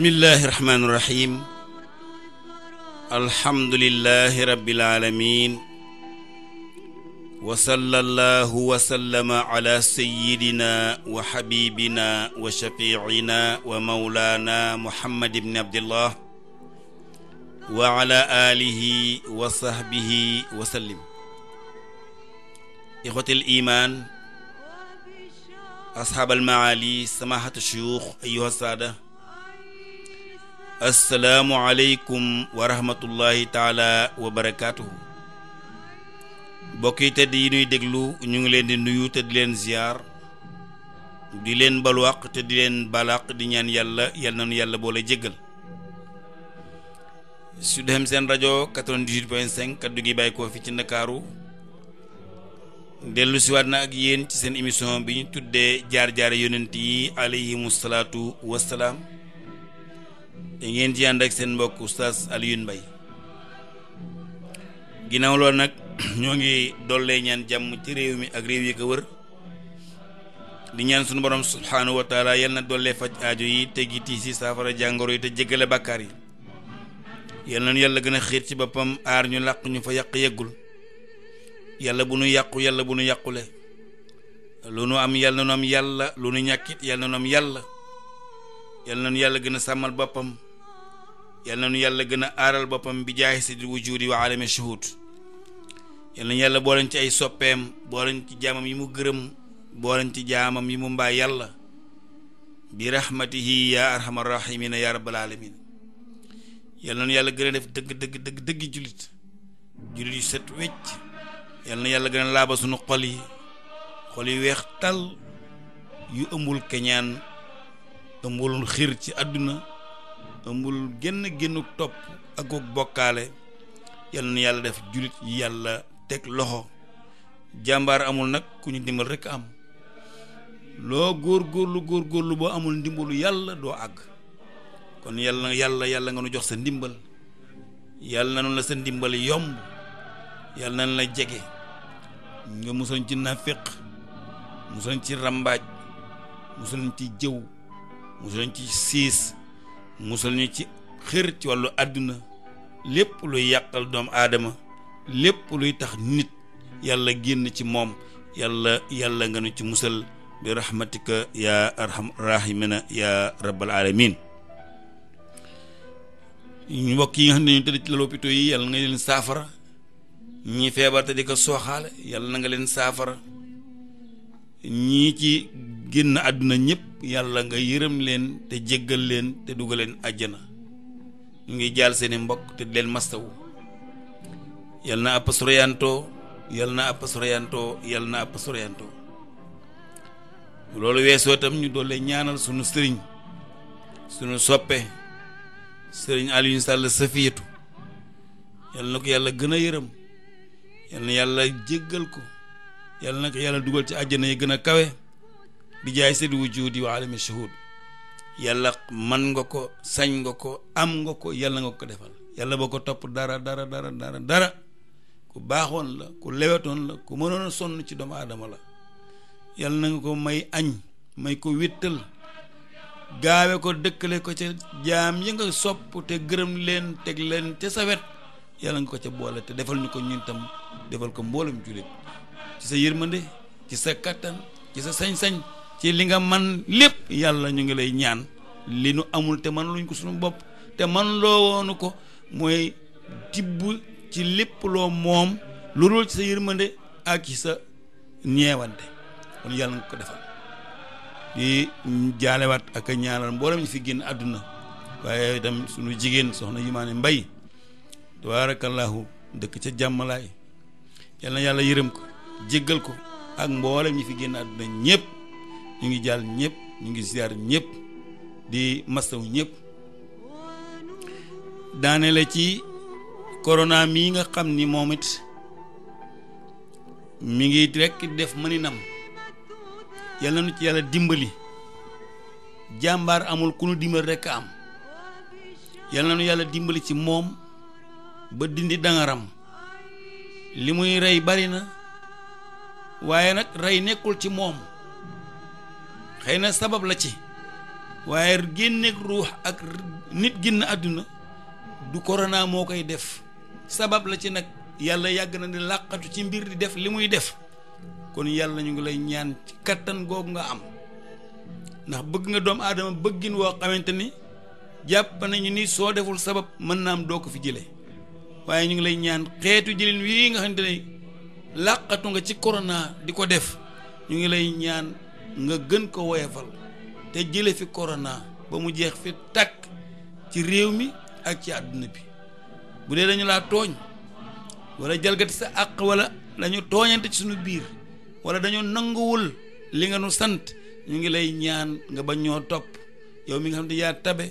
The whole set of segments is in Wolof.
bismillahi irrahmaani irrahim alhamdulilahi rabbil alamin wa sallallahu wa sallama ala sayyidina wa habibina wa shafiicina wa mawlaana muhammad ibn abdillah wa ala alihi wa sahbihi wa sallim ixwatil iman ashaabal maali samahatu shuyuux ayyuha saada asalaamualeykum wa rahmatullahi taala wa barakaatuhu mbokk yi tedd yi nuy déglu ñu ngi leen di nuyu te di leen ziar di leen balwaq te di leen balaq di ñaan yàlla yal nañu yàlla boole jéggal Sud FM seen rajo 98.5 kaddu gi bàyyi koo fi ci Ndakaaru dellu siwaat na ak yéen ci seen émission bi ñu tuddee jaar-jaare yonent yi alayhimu salaatu wassalaam da ngeen ci ànd ak seen mbokk oustaz Alioune bay ginnaaw lool nag ñoo ngi dollee ñaan jàmm ci réew mi ak réew yi ko wër di ñaan suñu borom subhaanahu wa taala yal na dollee faj aajo yi te teggi tiisi saafara jàngoro yi te jéggale bàkkaar yi yal na yàlla gën a xiir ci boppam aar ñu làqu ñu fa yàq yeggul yàlla bu nu yàqu yàlla bu nu yàqule lu nu am yàlla na nu am yàlla lu nu ñàkkit yàlla nu am yàlla yàlla nu yàlla gën a sàmmal boppam yal na nu yàlla gën a aral boppam bi jaahi sidil wujudi wa alami shuhud yal na nu yàlla booleen ci ay soppeem booleen ci jaamam yi mu gërëm booleen ci jaamam yi mu mbaa yàlla bi rahmatihi ya arhamar rahimina ya rabbal alamin yal na nu yàlla gën a def dëgg dëgg dëgg dëgg jullit jullit yu set wecc yal na yàlla gën a laaba sunu xol yi xol yi weex tal yu ëmbul keñaan ëmbul xir ci àdduna ëmbul génn génnuk topp akuk bokkaale yal na yàlla def julit yàlla teg loxo jàmbaar amul nag ku ñu dimbal rekk am loo góor góorlu góor góorlu boo amul ndimbalu yàlla doo àgg kon yàlla yàlla yàlla nga nu jox sa ndimbal yàlla nanu la sa ndimbal yomb yàlla nanu la jege nga musoon ci nafiq musoon ci rambaaj musoon ci jëw musoon ci siis musal ñu ci xër ci wàllu àdduna lépp luy yàqal doomu aadama lépp luy tax nit yàlla génn ci moom yàlla yàlla nga nu ci musal bi rahmatika yaa arham rahimina yaa rabbal alamin ñu mbokk yi nga xam ne ñu tëdd ci lal hôpital yi yàlla nga saafara ñii feebar te di yàlla na nga leen saafara ñii ci génn àdduna ñëpp yàlla nga yërëm leen te jéggal leen te dugal leen àjjana ñu ngi jaal seeni mbokk te leen mastawu yal na àpp soroyantoo yal na àpp soroyantoo yal loolu weesoo tam ñu doole ñaanal sunu sëriñ sunu soppe sëriñ Alioune Sall Safiyatu yal na ko yàlla gën a yërëm yàlla jéggal ko yal na ko yàlla dugal ci àjjana yi gën a kawe bi jaay seen wujudi wa alami shuhud yàlla man nga ko sañ nga ko am nga ko yàlla nga ko defal yàlla boo ko topp dara dara dara dara dara ku baaxoon la ku lewetoon la ku mënoon a sonn ci doomu aadama la yàlla na nga ko may añ may ko wittal gaawe ko dëkkale ko ca jaam yi nga sopp te gërëm leen teg leen ca sawet wet yàlla nga ko ca boole te defal ñu ko ñun tam defal ko mboolem jullit ci sa yërmande ci sa kattan ci sa sañ-sañ ci li nga man lépp yàlla ñu ngi lay ñaan li nu amul te man luñ ko suñu bopp te man loo woonu ko mooy tibb ci lépp loo moom lu dul ci sa yërmande ak ci sa ñeewante kon yàlla nga ko defal di jaalewaat ak a ñaanal mboolem ñu fi génn àdduna waaye itam suñu jigéen soxna Yimane Mbaye tabaarakallaahu dëkk ca jàmmalaay yal na yàlla yërëm ko jéggal ko ak mboolem ñu fi génn àdduna ñëpp ñu ngi jàll ñëpp ñu ngi ziar ñëpp di mastaw ñépp daane ci corona mi nga xam ni moom it mi ngi rekk def mëninam yàlla nu ci yàlla dimbali jàmbaar amul ku nu dimbal rekk am yàlla nu yàlla dimbali ci moom ba dindi dangaram li muy rey bari na waaye nag rey nekkul ci moom xëy na sabab la ci waaye génneeg ruux ak nit génn àdduna du corona moo koy def sabab la ci nag yàlla yàgg na di làqatu ci mbir di def li muy def kon yàlla ñu ngi lay ñaan ci kattan googu nga am ndax bëgg nga doomu aadama bëggin woo xamante ni jàpp nañu ni soo deful sabab mën na am doo ko fi jëlee waaye ñu ngi lay ñaan xeetu jëlin wii nga xamante ne làqatu nga ci korona di ko def ñu ngi lay ñaan. nga gën ko woyefal te jële fi corona ba mu jeex fi tàkk ci réew mi ak ci àdduna bi bu dee dañu laa tooñ wala jalgati sa àq wala dañu tooñante ci suñu biir wala dañoo nanguwul li nga nu sant ñu ngi lay ñaan nga bañ ñoo topp yow mi nga xam ne yaa tabe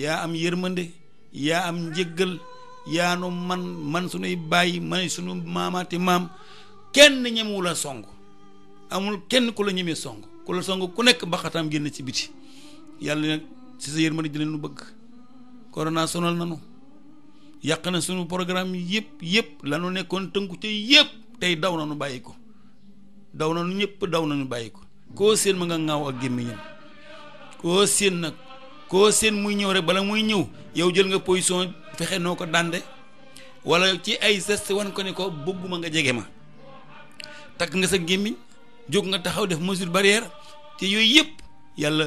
yaa am yërmande yaa am njëggal yaa nu man man suñuy bàyyi man suñu maamaati maam kenn ñemewul a song amul kenn ku la ñemee song ku la ku nekk baxataam génn ci biti yàlla nag ci sa yërmande ji leen nu bëgg corona sonal nanu yàq na sunu programme yëpp yëpp lanu nekkoon tënku ca yëpp tey daw na nu bàyyi ko daw na nu ñëpp daw nanu bàyyi ko koo seen ma nga ŋaaw ak gémmiñam koo seen nag koo seen muy ñëw rek bala muy ñëw yow jël nga position fexe noo ko dànde wala ci ay geste wan ko ne ko bëgguma nga jege ma takk nga sa gémmiñ jóg nga taxaw def mesure barrière te yooyu yëpp yàlla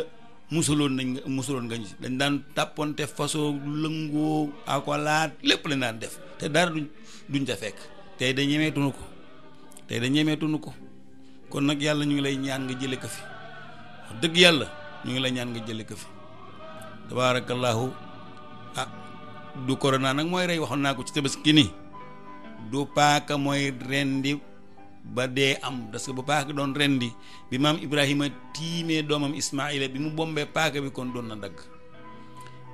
musaloon nañ nga musaloon nga ñu si dañ daan tàpponte façon lëngoo akolaat lépp lañ daan def te dara duñ duñ ca fekk tey da ñemeetunu ko tey dañ ñemeetunu ko kon nag yàlla ñu ngi lay ñaan nga jële ko fi dëgg yàlla ñu ngi lay ñaan nga jële ko fi tabaarakallaahu ah du corona nag mooy rey waxoon naa ko ci tabaski ni du paaka mooy rendi ba dee am parce bu paaka doon rendi bi maam Ibrahima tiimee doomam Ismaila bi mu bombee paaka bi kon doon na dagg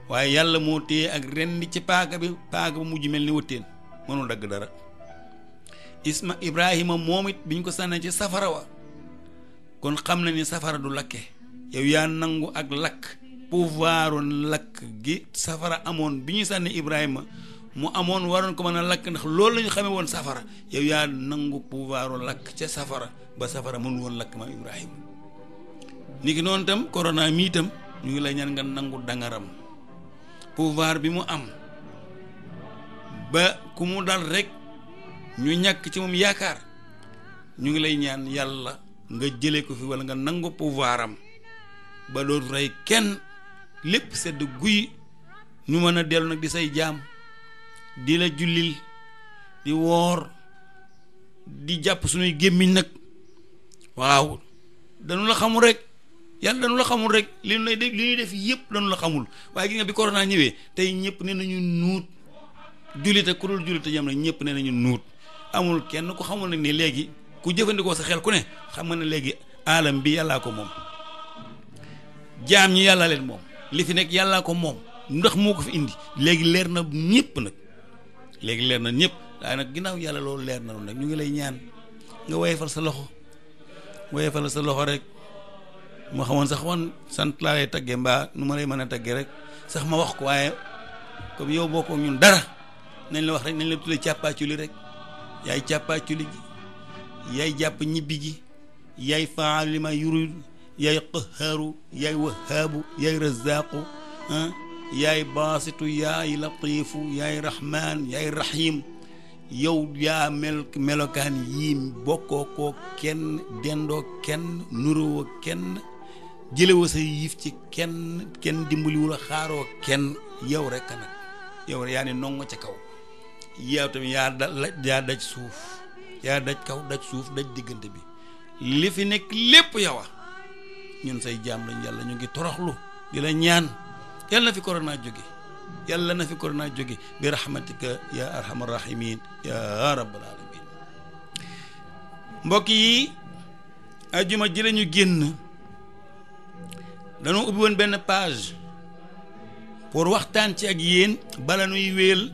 waaye yàlla moo téye ak rendi ci paaka bi paaka bu mujj mel ni wëttéen mënul dagg dara Isma Ibrahima moom it bi ñu ko sànnee ci safara wa kon xam na ni safara du lakke yow yaa nangu ak lakk pouvoiru lakk gi safara amoon bi ñu sànni Ibrahima mu amoon waroon ko mën a lakk ndax loolu la ñu xamee woon safara yow yaa nangu pouvoir lakk ca safara ba safara mënu woon lakk maam Ibrahima ni ki noonu tam corona mii tam ñu ngi lay ñaan nga nangu dangaram pouvoir bi mu am ba ku mu dal rek ñu ñàkk ci moom yaakaar ñu ngi lay ñaan yàlla nga jëlee ko fi walla nga nangu pouvoir ba dootu rey kenn lépp sedd guy ñu mën a dellu nag di say jaam di la jullil di woor di jàpp suñuy gémmiñ nag waaw dañu la xamul rek yàlla dañu la xamul rek li ñuy def li ñuy def yëpp dañu la xamul waaye gi nga bi corona ñëwee tey ñëpp ne nañu nuut jullite ku dul yam na ñëpp ne nañu nuut amul kenn ku xamul ne ni léegi ku jëfandikoo sa xel ku ne xam nga ne léegi alam bi yàllaa ko moom jaam ñi yàlla leen moom li fi nekk yàllaa ko moom ndax moo ko fi indi léegi leer na ñëpp nag léegi leer na ñëpp waaye nag ginnaaw yàlla loolu leer na noonu nag ñu ngi lay ñaan nga woyefal sa loxo woyefal sa loxo rek moo xamoon sax wan sant laa lay mbaa nu ma lay mën a taggee rek sax ma wax ko waaye comme yow boo ko ñun dara nañ la wax rek nañ la tuddee càppaaculi rek yaay càppaaculi gi yaay jàpp ñibbi ji yaay faalu li ma yurid yaay qahaaru yaay wahaabu yaay razaqu yaay baasitu yaay latiifu yaay rahmaan yaay rahim yow yaa mel melokaan yii bokkookoo kenn dendoo kenn nuróo kenn jëlewoo sa yiif ci kenn kenn dimbaliwula xaaroo kenn yow rekk nag yow yaa ne nongo ca kaw yow tamit yaa daj suuf yaa daj kaw daj suuf daj diggante bi li fi nekk lépp yow a ñun say jaam lañu yàlla ñu ngi toroxlu di la ñaan yàlla na fi corona jóge yàlla na fi corona jóge bi rahmatika ya arhamar rahimin ya rabbal alamin mbokk yi ajuma ji lañu génn dañoo ubbi woon benn page pour waxtaan ci ak yéen bala nuy wéel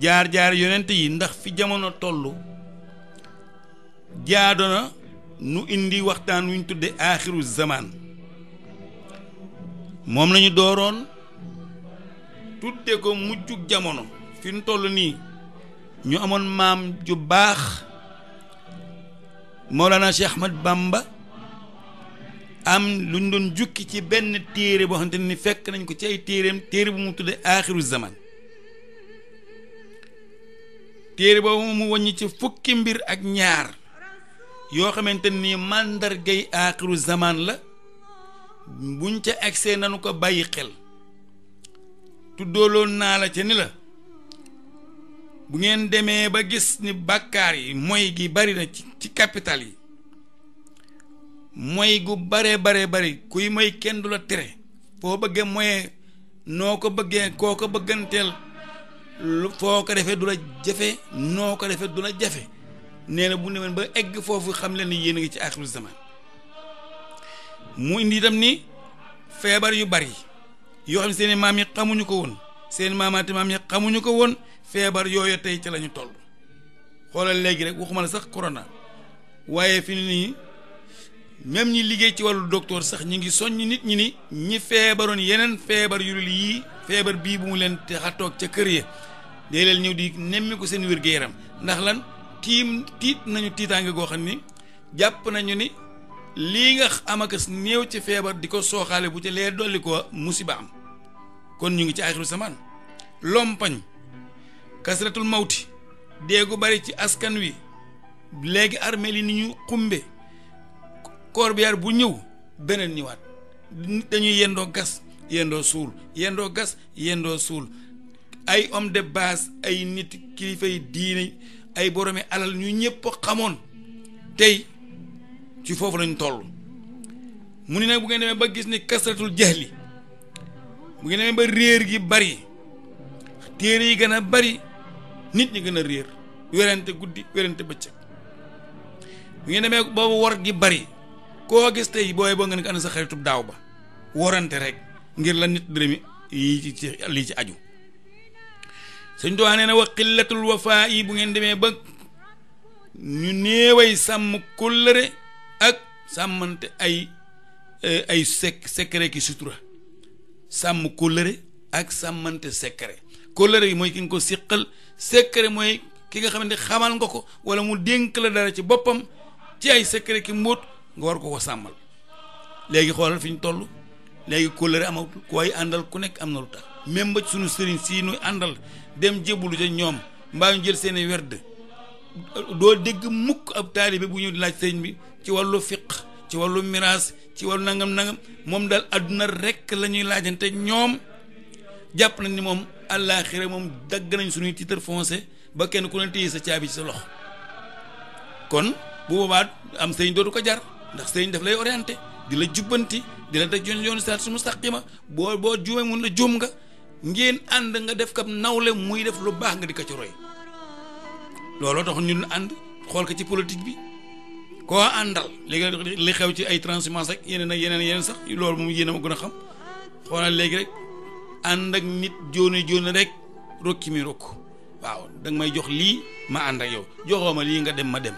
jaar-jaar yonent yi ndax fi jamono toll na nu indi waxtaan wuñ tudde aaxiru zamaan moom lañu dooroon tudde ko mujjug jamono fi ñu toll nii ñu amoon maam ju baax Mawlana Cheikh Ahmad Bamba am lu ñu doon jukki ci benn téere boo xamante ni fekk nañ ko ci ay téereem téere bu mu tudde aaxiru zaman téere boobu mu wàññi ci fukki mbir ak ñaar yoo xamante ni màndargay aaxiru zaman la buñ ca egsee nanu ko bàyyi xel tuddooloon naa la ca ni la bu ngeen demee ba gis ni bàkkaar yi moy gi bari na ci ci capital yi moy gu bare bare bari kuy moy kenn du la tere foo bëggee moyee noo ko bëggee koo ko bëgganteel foo ko defee du la jafe noo ko defee du la jafe nee na bu demee ba egg foofu xam leen ni yéen a ngi ci axiru zaman mu indi itam ni feebar yu bari yoo xam ne seen maam yi xamuñu ko woon seen maamaati maam yi xamuñu ko woon feebar yooyu tey ci lañu ñu toll xoolal léegi rek waxuma la sax corona waaye fi nii même ñi liggéey ci wàllu docteur sax ñi ngi soññ nit ñi ni ñi feebaroon yeneen feebar yu dul yii feebar bii bu mu leen toog ca kër yi dee leen ñëw di nemmiku seen wér-gu-yaram ndax lan tiim tiit nañu tiitaange goo ni jàpp nañu ni lii nga am ak néew ci feebar di ko sooxaale bu ci lee dolli ko musiba am kon ñu ngi ci aaxiru samaan lompañ kasratul mawti déegu bari ci askan wi léegi armeel yi ni ñu xumbe corbillard bu ñëw beneen ñëwaat dañuy yendoo gas yendoo suul yendoo gas yendoo suul ay homme de base ay nit kilifay diine ay boroomi alal ñu ñëpp xamoon tey ci foofu lañ toll mu ni nag bu ngeen demee ba gis ni kasratul jahli bu ngeen demee ba réer gi bari téere yi gën a bari nit ñi gën a réer werante guddi werante bëccëg bu ngeen demee boobu wor gi bari koo gis tey booy boo sa xaritub daaw ba worante rek ngir la nit dërëmi yi ci lii ci aju yi bu ngeen demee ba ñu néeway sàmm kóllëre ak sàmmante ay euh, ay sec secret ki sutura sàmm kóllëre ak sàmmante secret kóllëre yi mooy ki nga ko siqal secret mooy ki nga xamante xamal nga ko wala mu dénk la dara ci boppam ci ay secret ki mbóot nga war ko ko sàmmal léegi xoolal fi ñu toll léegi kóllëre amatul koy àndal ku nekk am na lu tax même ba suñu sëriñ si nuy àndal dem jébbalu ca ñoom mbaa ñu jël seeni werd doo dégg mukk ab taalibe bu ñu laaj sëriñ bi ci wàllu fiq ci wàllu miraas ci wàllu nangam nangam moom daal àdduna rekk la ñuy laajante ñoom jàpp nañ ni moom àllaaxira moom dagg nañ suñuy titre foncé ba kenn ku ne téye sa caabi ci sa loxo kon bu boobaat am sëñ dootu ko jar ndax sëñ daf lay orienté di la jubbanti di la teg yoon yoonu saat su mustaqima boo boo juumee mun na juum nga ngeen ànd nga def ko kam nawle muy def lu baax nga di ko ci roy looloo tax ñun ànd xool ko ci politique bi koo àndal léegi li xew ci ay transhumance rek yeneen ak yeneen yeneen sax loolu moom yéen a ma gën a xam xoolal léegi rek ànd ak nit jóone jóone rek rokki mi rokk waaw danga may jox lii ma ànd ak yow joxoo ma nga dem ma dem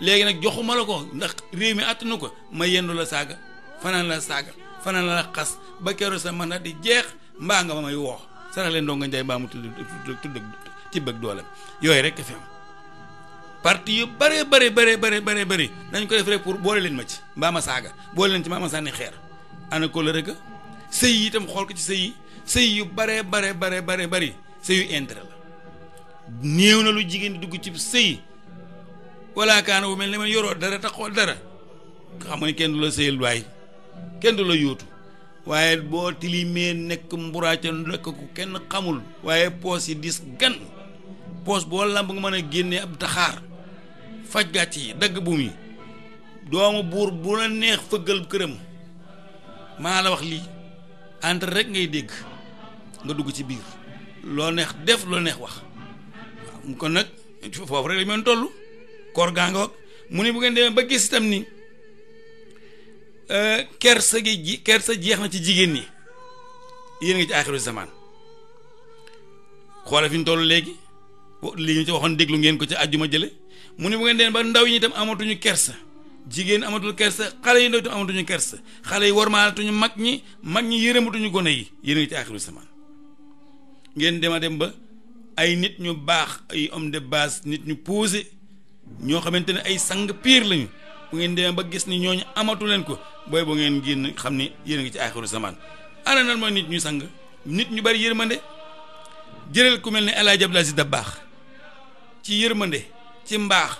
léegi nag joxuma la ko ndax réew mi àttanu ko ma yendu la saaga fanaan la saaga fanaan la xas ba keroog sa mën a di jeex mbaa nga ma may woox sarax leen doo nga njaay baa mu tudd tudd tibb ak doole yooyu rek fi am parti yu bare bare bare bare bare bëri dañ ko def rek pour boole leen ma ci mbaa ma saaga boole leen ci mbaa ma sànni xeer ana la rek sëy yi itam xool ko ci sëy yi sëy yu bare bare bare bare bëri sëy yu intérêt la néew na lu jigéen di dugg ci sëy walla kaana bu mel ne man yoroo dara te xool dara xam nga kenn du la sëyal waay kenn du la yóotu waaye boo tilimee nekk mburaaca nekk ku kenn xamul waaye poos yi dis gan poos boo làmb nga mën a génnee ab taxaar faj gàcc yi dagg buum yi doomu buur bu la neex fëggal këram maa la wax lii entre rek ngay dégg nga dugg ci biir loo neex def loo neex wax kon nag foofu rek dañ ñu toll koor gaa nga mu ne bu ngeen demee ba gis itam ni euh, kersa gi ji kersa jeex na ci jigéen ñi yéen ngi ci aaxiru zamaan xoole fi ñu toll léegi léegi ñu ci waxoon déglu ngeen ko ci àjjuma jële mu ne bu ngeen deen ba ndaw yi itam amatuñu kers jigéen amatul kersa xale yi ndaw itam amatuñu kers xale yi warmaatuñu mag ñi mag ñi yërëmatuñu gone yi yéen a ngi ci aaxiru zaman ngeen dema dem ba ay nit ñu baax ay homme nit ñu posé ñoo xamante ne ay sang pire lañu bu ngeen demee ba gis ni ñooñu amatu leen ko booy bu ngeen génn xam ni yéen a ngi ci aaxiru zaman ana nan mooy nit ñu sang nit ñu bari yërmande jëral ku mel ne El Hadj Abdoul Aziz Dabakh ci yërmande ci mbaax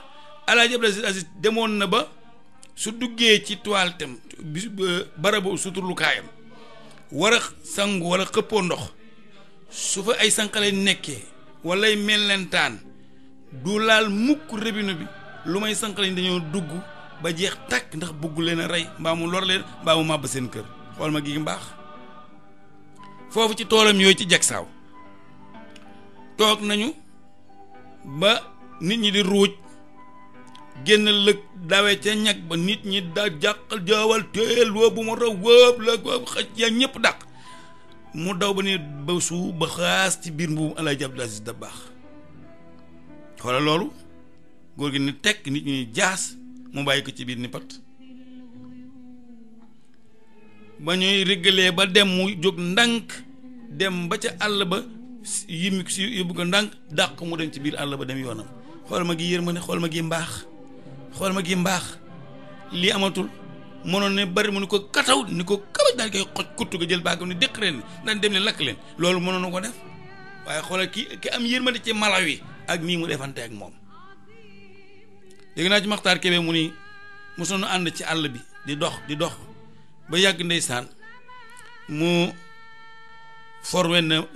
alaaji Abdul demoon na ba su duggee ci toile tam barabu suturlukaayam wara sangu wala xëppoo ndox su fa ay sanqale nekkee walay mellentaan du laal mukk robinet bi lu may sanqaleñ dañoo dugg ba jeex tàkk ndax bëggu leen a rey mbaa mu lor mbaa mu màbb seen kër xool ma gi mbaax foofu ci toolam yooyu ci jagsaaw toog nañu ba nit ñi di ruuj génn lëg dawe ca ñag ba nit ñi da jàqal jaawal teel woo bu ma raw wóob la xëj yaa ñëpp dàq mu daw ba ne ba suuf ba xaas ci biir mbuum Alaaji Abdul Asiis baax xoolal loolu góor gi ni tekk nit ñi jaas mu bàyyi ko ci biir ni pat ba ñuy réggalee ba dem mu jóg ndànk dem ba ca àll ba yi si yóbbu ko ndànk dàq mu dem ci biir àll ba dem yoonam xool ma gi yërmande xool ma gi mbaax xool ma gi mbaax lii amatul mënoon ne bari mu ni ko kataw ni ko kabaj daal koy xoj kuttu ga jël baagam ne dëkk reen daan dem leen lakk leen loolu mënoon na ko def waaye xoolal ki ki am yërmande ci Malawi ak nii mu defante ak moom dégg naa ci Maxtaar Kébé mu ni mosoon ànd ci àll bi di dox di dox ba yàgg ndeysaan mu for wenn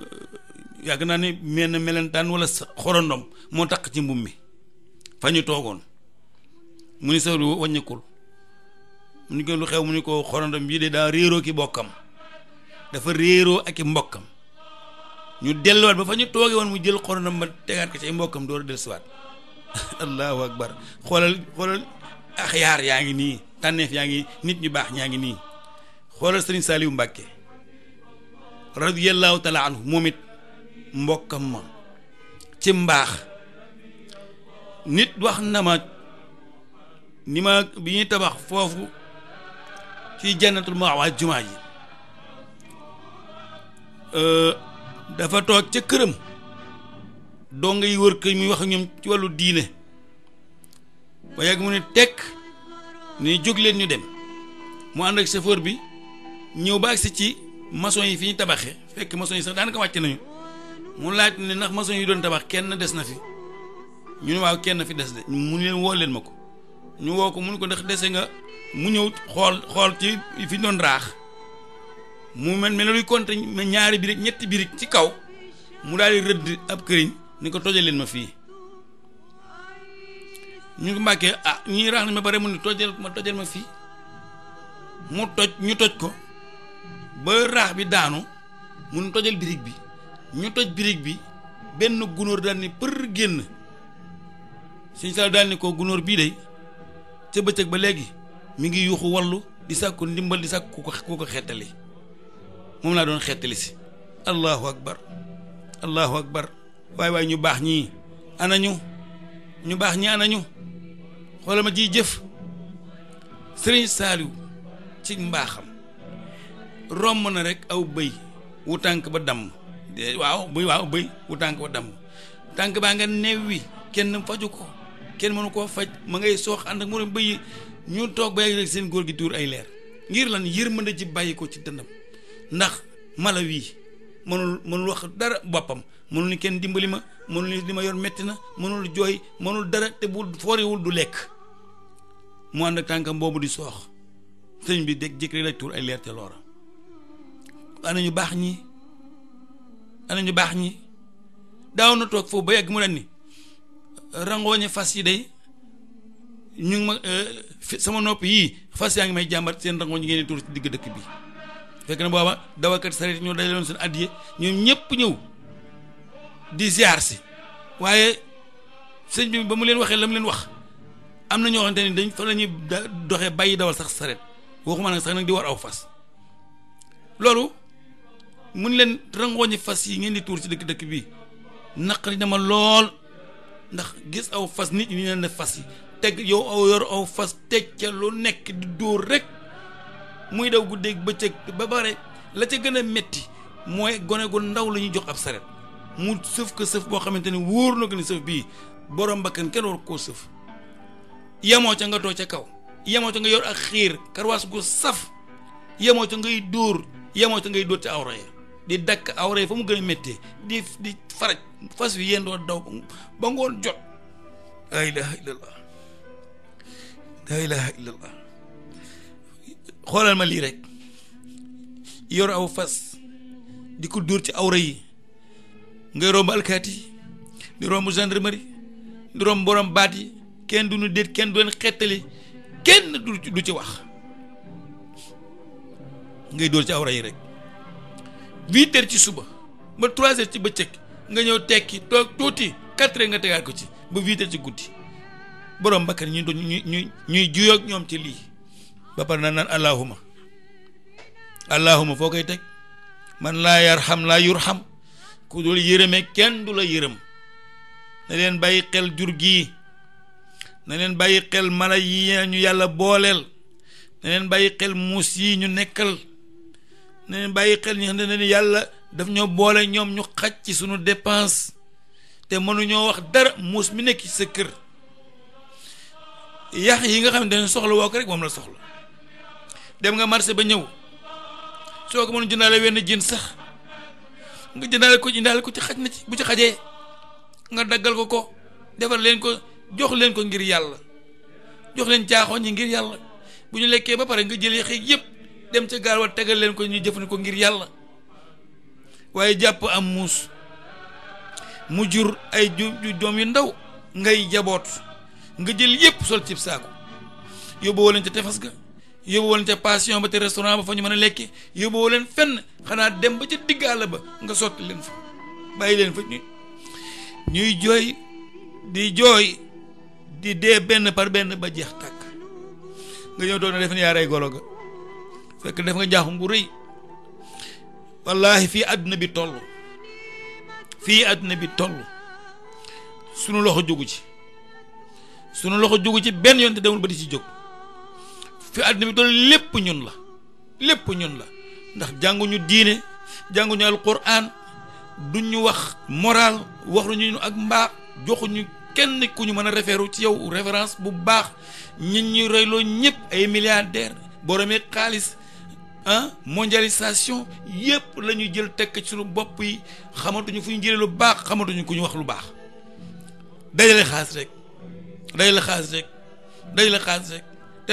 yàgg naa ni menn melentaan wala xorondom moo taq ci mbubb mi fa ñu toogoon mu ni sax lu mu ni ko lu xew mu ni ko xorondam yi de daa réeroo ki bokkam dafa réeroo ak i mbokkam ñu delluwaat ba fa ñu tooge woon mu jël xorondam ba tegaat ko ci mbokkam door a dellusiwaat allahu akbar xoolal xoolal axyaar yaa ngi nii tànneef yaa ngi nit ñu baax ñaa ngi nii xoolal sëriñ Saaliwu Mbàkke radiyallahu taala anhu moom it mbokkam ma ci mbaax nit wax na ma ni bi ñuy tabax foofu ci jannatul waa jumaa ji euh, dafa toog ca këram doo ngay wër kër muy wax ñoom ci wàllu diine ba yàgg mu ne tekk ni jóg leen ñu dem mu ànd ak chauffeur bi ñëw ba agsi ci maçon yi fi ñu tabaxee fekk maçon yi sax daanaka wàcc nañu mu laaj ne ndax maçon yi doon tabax kenn des na fi ñu ne waaw kenn fi des de mu ne leen woo leen ma ko ñu woo ko mu ne ko ndax dese nga mu ñëw xool xool ci fi ñu raax mu mel mel luy compter ñaari birig ñetti birig ci kaw mu daal di rëdd ab këriñ ni ko toje leen ma fii ñu ko mbàkkee ah ñii raax nañ ma bare mu ne tojal ma tojal ma fii mu toj ñu toj ko ba raax bi daanu mu ne tojal birig bi ñu toj birig bi benn gunóor daal ni për génn sëñ Saliou daal ni ko gunóor bii de ca bëccëg ba léegi mu ngi yuuxu wallu di sàkku ndimbal di sàkku ko ku ko xettali moom laa doon xettali si allahu akbar allahu akbar waay waay ñu baax ñii anañu ñu baax ñi anañu xoolal ma ji jëf sëriñ Saliou ci mbaaxam romb na rekk aw bëy wu tànk ba damm waaw bëy waaw bëy wu tànk ba damm tànk baa nga neew kenn faju ko kenn mënu koo faj ma ngay soox ànd ak moroom bëy ñu toog ba rek seen góor gi tuur ay leer ngir lan a jib bàyyi ko ci dëndam ndax mala wii mënul mënul wax dara boppam mënul ni kenn dimbali ma mënul ni li ma yor metti na mënul jooy mënul dara te bu fooriwul du lekk mu ànd ak tànkam boobu di soox sëñ bi dégg jékki lay tuur ay leer te loola ana ñu baax ñi ana ñu baax ñi daaw na toog foofu ba yàgg mu leen ni rangooñe fas yi day ñu ma ma euh, sama nopp yii fas yaa ngi may jàmbat seen rangooñe ngeen di tuur ci digg dëkk bi fekk na booba dawakat sareet ñoo dajale woon seen addiye ñoom ñëpp ñëw di ziar si waaye sëñ bi ba mu leen waxee la mu leen wax am na ñoo xamante ni dañ fa la ñuy doxee bàyyi dawal sax sareet waxuma nag sax nag di war aw fas loolu mun leen rangooñi fas yi ngeen di tuur ci dëkk dëkk bi naqari na ma lool ndax gis aw fas nit yu ne fas yi teg yow aw yor aw fas teg ca lu nekk di dóor rek muy daw guddeeg bëccëg ba bare la ca gën a metti mooy gone gu ndaw la ñuy jox ab saret mu sëf ko sëf boo xamante ne wóor na ko ni sëf bii borom bakkan kenn war koo sëf yemoo ca nga too ca kaw yemoo ca nga yor ak xiir karwaas gu saf yemoo ca ngay dóor yemoo ca ngay dóor ca aw ya di dakk awra ya fa mu gën a méttee di di faraj fas wi yéen doo daw ba ngoon jot laa ilaha illallah laa xoolal ma lii rek yor aw fas di ko dóor ci awra yi ngay romb alkaati yi di romb gendarmerie di romb borom baat yi kenn du ñu déet kenn du leen xettali kenn du lu ci wax ngay dóor ci awra yi rek huit heures ci suba ba trois ci bëccëg nga ñëw tekki toog tuuti quatre nga tegaat ko ci ba huit ci guddi borom bakkan ñu doon ñu ñuy juyoo ñoom ci lii ba pare na naan allahuma allahuma foo koy teg man laa xam laa yurham ku dul yërëme kenn du la yërëm na bàyyi xel jur gi na leen bàyyi xel mala yi ñu yàlla booleel na leen bàyyi xel muus yi ñu nekkal na bàyyi xel ñi yàlla daf ñoo boole ñoom ñu xaj ci suñu dépense te mënuñoo wax dara muus mi nekk ci sa kër yax yi nga xam ne dañ soxla woo ko rek moom la soxla dem nga marché ba ñëw soo ko mën jëndaale wenn jën sax nga jëndaale ko jëndaale ko ci xaj na ci bu ci xajee nga daggal ko ko defal leen ko jox leen ko ngir yàlla jox leen caaxoon ñi ngir yàlla bu ñu lekkee ba pare nga jël yax yi yëpp dem ca gaal wa tegal leen ko ñu ko ngir yàlla waaye jàpp am muus mu jur ay doom yu ndaw ngay jaboot nga jël yëpp sol cib saako yóbbuwoo leen ca tefes ga yóbbuwoo leen ca passion ba te restaurant ba fa ñu mën a lekke yóbbuwoo leen fenn xanaa dem ba ca digg àll ba nga sotti leen fa bàyyi leen fa ñuy jooy di jooy di dee benn par benn ba jeex tàkk nga ñëw doon na def ne yaa rey golo ga fekk def nga jaaxum bu rëy wallaahi fii àdduna bi toll fii àdduna bi toll sunu loxo jógu ci sunu loxo jógu ci benn yoon te demul ba di ci jóg fi àdduna bi toll lépp ñun la lépp ñun la ndax jànguñu diine jànguñu alquran duñu wax moral waxuñu ñu ak mbaax joxuñu kenn ku ñu mën a référu ci yow référence bu baax ñun ñu reyloo ñëpp ay milliardaire boroomi xaalis ah mondialisation yépp la jël tekk ci suñu bopp yi xamatuñu fu ñu jëlee lu baax xamatuñu ku ñu wax lu baax dajale xaas rek dajale xaalis rek dajale te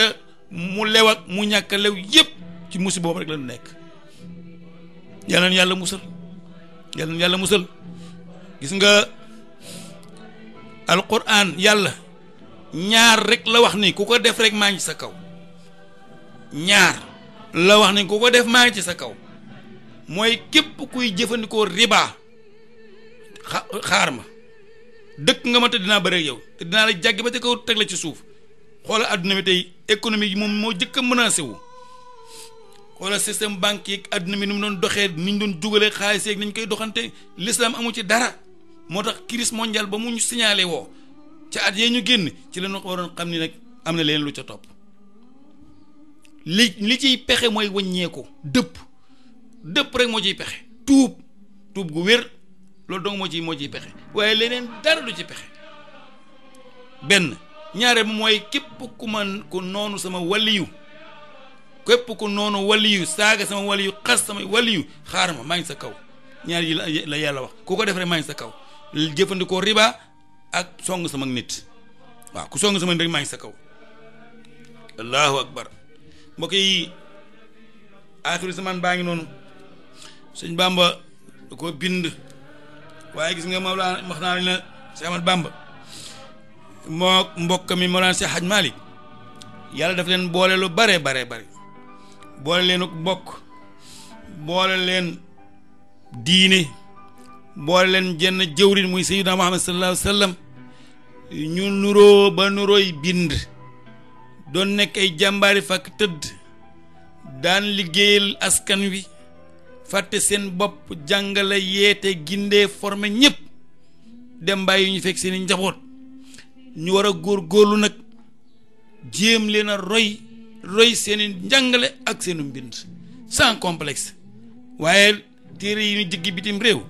mu lew mu ñàkk lew yépp ci musiba boobu rek la ñu nekk yal nañu yàlla musal yal yàlla musal gis nga alquran yàlla ñaar rek la wax ni ku ko def rek maa ngi sa kaw ñaar. la wax nañ ko ko def maa ngi ci sa kaw mooy képp kuy jëfandikoo riba xaar ma dëkk nga ma te dinaa bëre yow te dinaa la jàggi ba te kaw teg la ci suuf xoola adduna bi tey économie yi moom moo jëkk a menacé wu xoola système banque yeeg adduna bi ni mu doon doxee ni ñu doon jugalee xaalis yeeg ni ñu koy doxante l'islam amu ci dara moo tax kiris mondiale ba mu ñu signalé woo ca at yee ñu génn ci la lañu waroon xam ni nag am na leen lu ca topp li li ciy pexe mooy wëññeeku dëpp dëpp rek moo ciy pexe tuub tuub gu wér loolu doo moo ciy moo ciy pexe waaye leneen dara du ci pexe benn ñaare bi mooy képp ku ma ku noonu sama waliyu képp ku noonu waliyu saaga sama waliyu xas sama waliyu xaar ma maa ngi sa kaw ñaar yi la yàlla wax ku ko def rek maa ngi sa kaw jëfandikoo riba ak song sama nit waaw ku song sama nit rek maa ngi sa kaw allahu akbar mbokk yi aaxiru zaman baa ngi noonu sëñ bàmba da ko bind waaye gis nga Mawlaana wax naa ne Seex Ahmad Bàmba mbokk mi Mawlaana Seex Haj Maalik yàlla daf leen boole lu bare bare bare boole leen mbokk boole leen diine boole leen jenn jëwrin muy Seydina Muhammad sallallahu alayhi ñu nuroo ba nurooy bind doon nekk ay jàmbaari fàkk tëdd daan liggéeyal askan wi fàtte seen bopp jàngale yeete gindee formé ñëpp dem yu ñu fekk seen njaboot ñu war a góorlu nag jéem leen a roy roy seen i njàngale ak seenu mbind sans complex waaye téere yi ñu jëggi bitim réew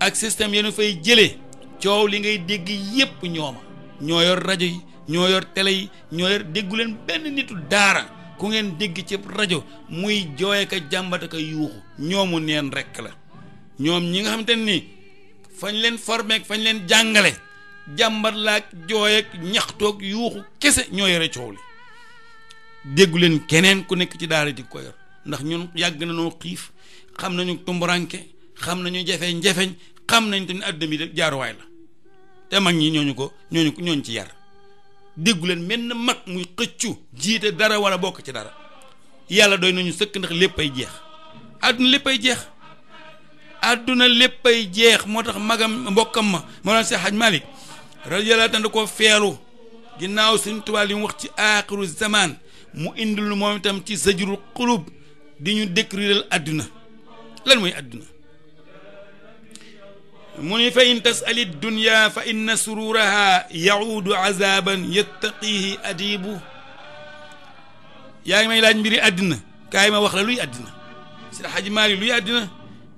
ak système yenu fay jële coow li ngay dégg yépp ñooma ñoo yor rajo yi ñoo yor tele yi ñoo yor déggu leen benn nitu daara ku ngeen dégg ci rajo muy jooy ka jàmbat yuuxu ñoomu neen rekk la ñoom ñi nga xamante ni fañ leen formeek fañ leen jàngale jàmbat laak jooy ñaxtoog yuuxu kese ñoo yore coow li déggu leen keneen ku nekk ci daara di ko yor ndax ñun yàgg na noo xiif xam nañu tumburanke xam nañu jafe-jafeñ xam nañ tamit àdduna bi de jaaruwaay la te mag ñi ñooñu ko ñooñu ñooñu ci yar déggu leen menn mag muy xëccu jiite dara wala bokk ci dara yàlla doy nañu sëkk ndax lépp ay jeex àdduna lépp ay jeex àdduna léppay jeex moo tax magam mbokkam ma moo daan Seex Haj Malik radiyallaahu taala da koo feelu ginnaaw Sëñ Tuubaa li mu wax ci aaxiru zamaan mu indil lu moom itam ci sajurul xulub di ñu décriral àdduna lan mooy àdduna mu ni fa in tasali dunya fa inna sururaha yaudu azaban yattaqihi adibu yaa ngi may laaj mbiri àddina kaay ma wax la luy àddina si xaj maali luy àddina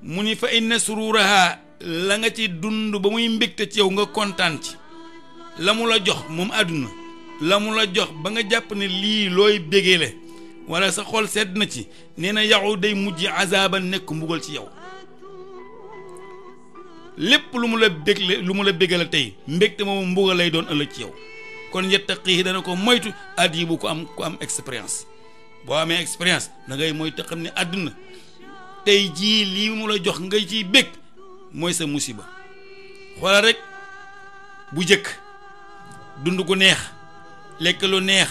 mu ni fa inna sururaha la nga ci dund ba muy mbégte ci yow nga kontaan ci la mu jox moom àdduna la mu la jox ba nga jàpp ni lii looy bégele wala sa xol sedd na ci nee na yaxu day mujj azaban nekk mbugal ci yow lépp lu mu la bégle lu mu la bégale tey mbégte moom mbugal lay doon ëllëg ci yow kon yettaqi dana ko moytu adibu ko am ko am expérience boo amee expérience da ngay moytu xam ne àdduna tey jii lii mu la jox nga ciy bég mooy sa musiba xoolal rek bu jëkk dund gu neex lekk lu neex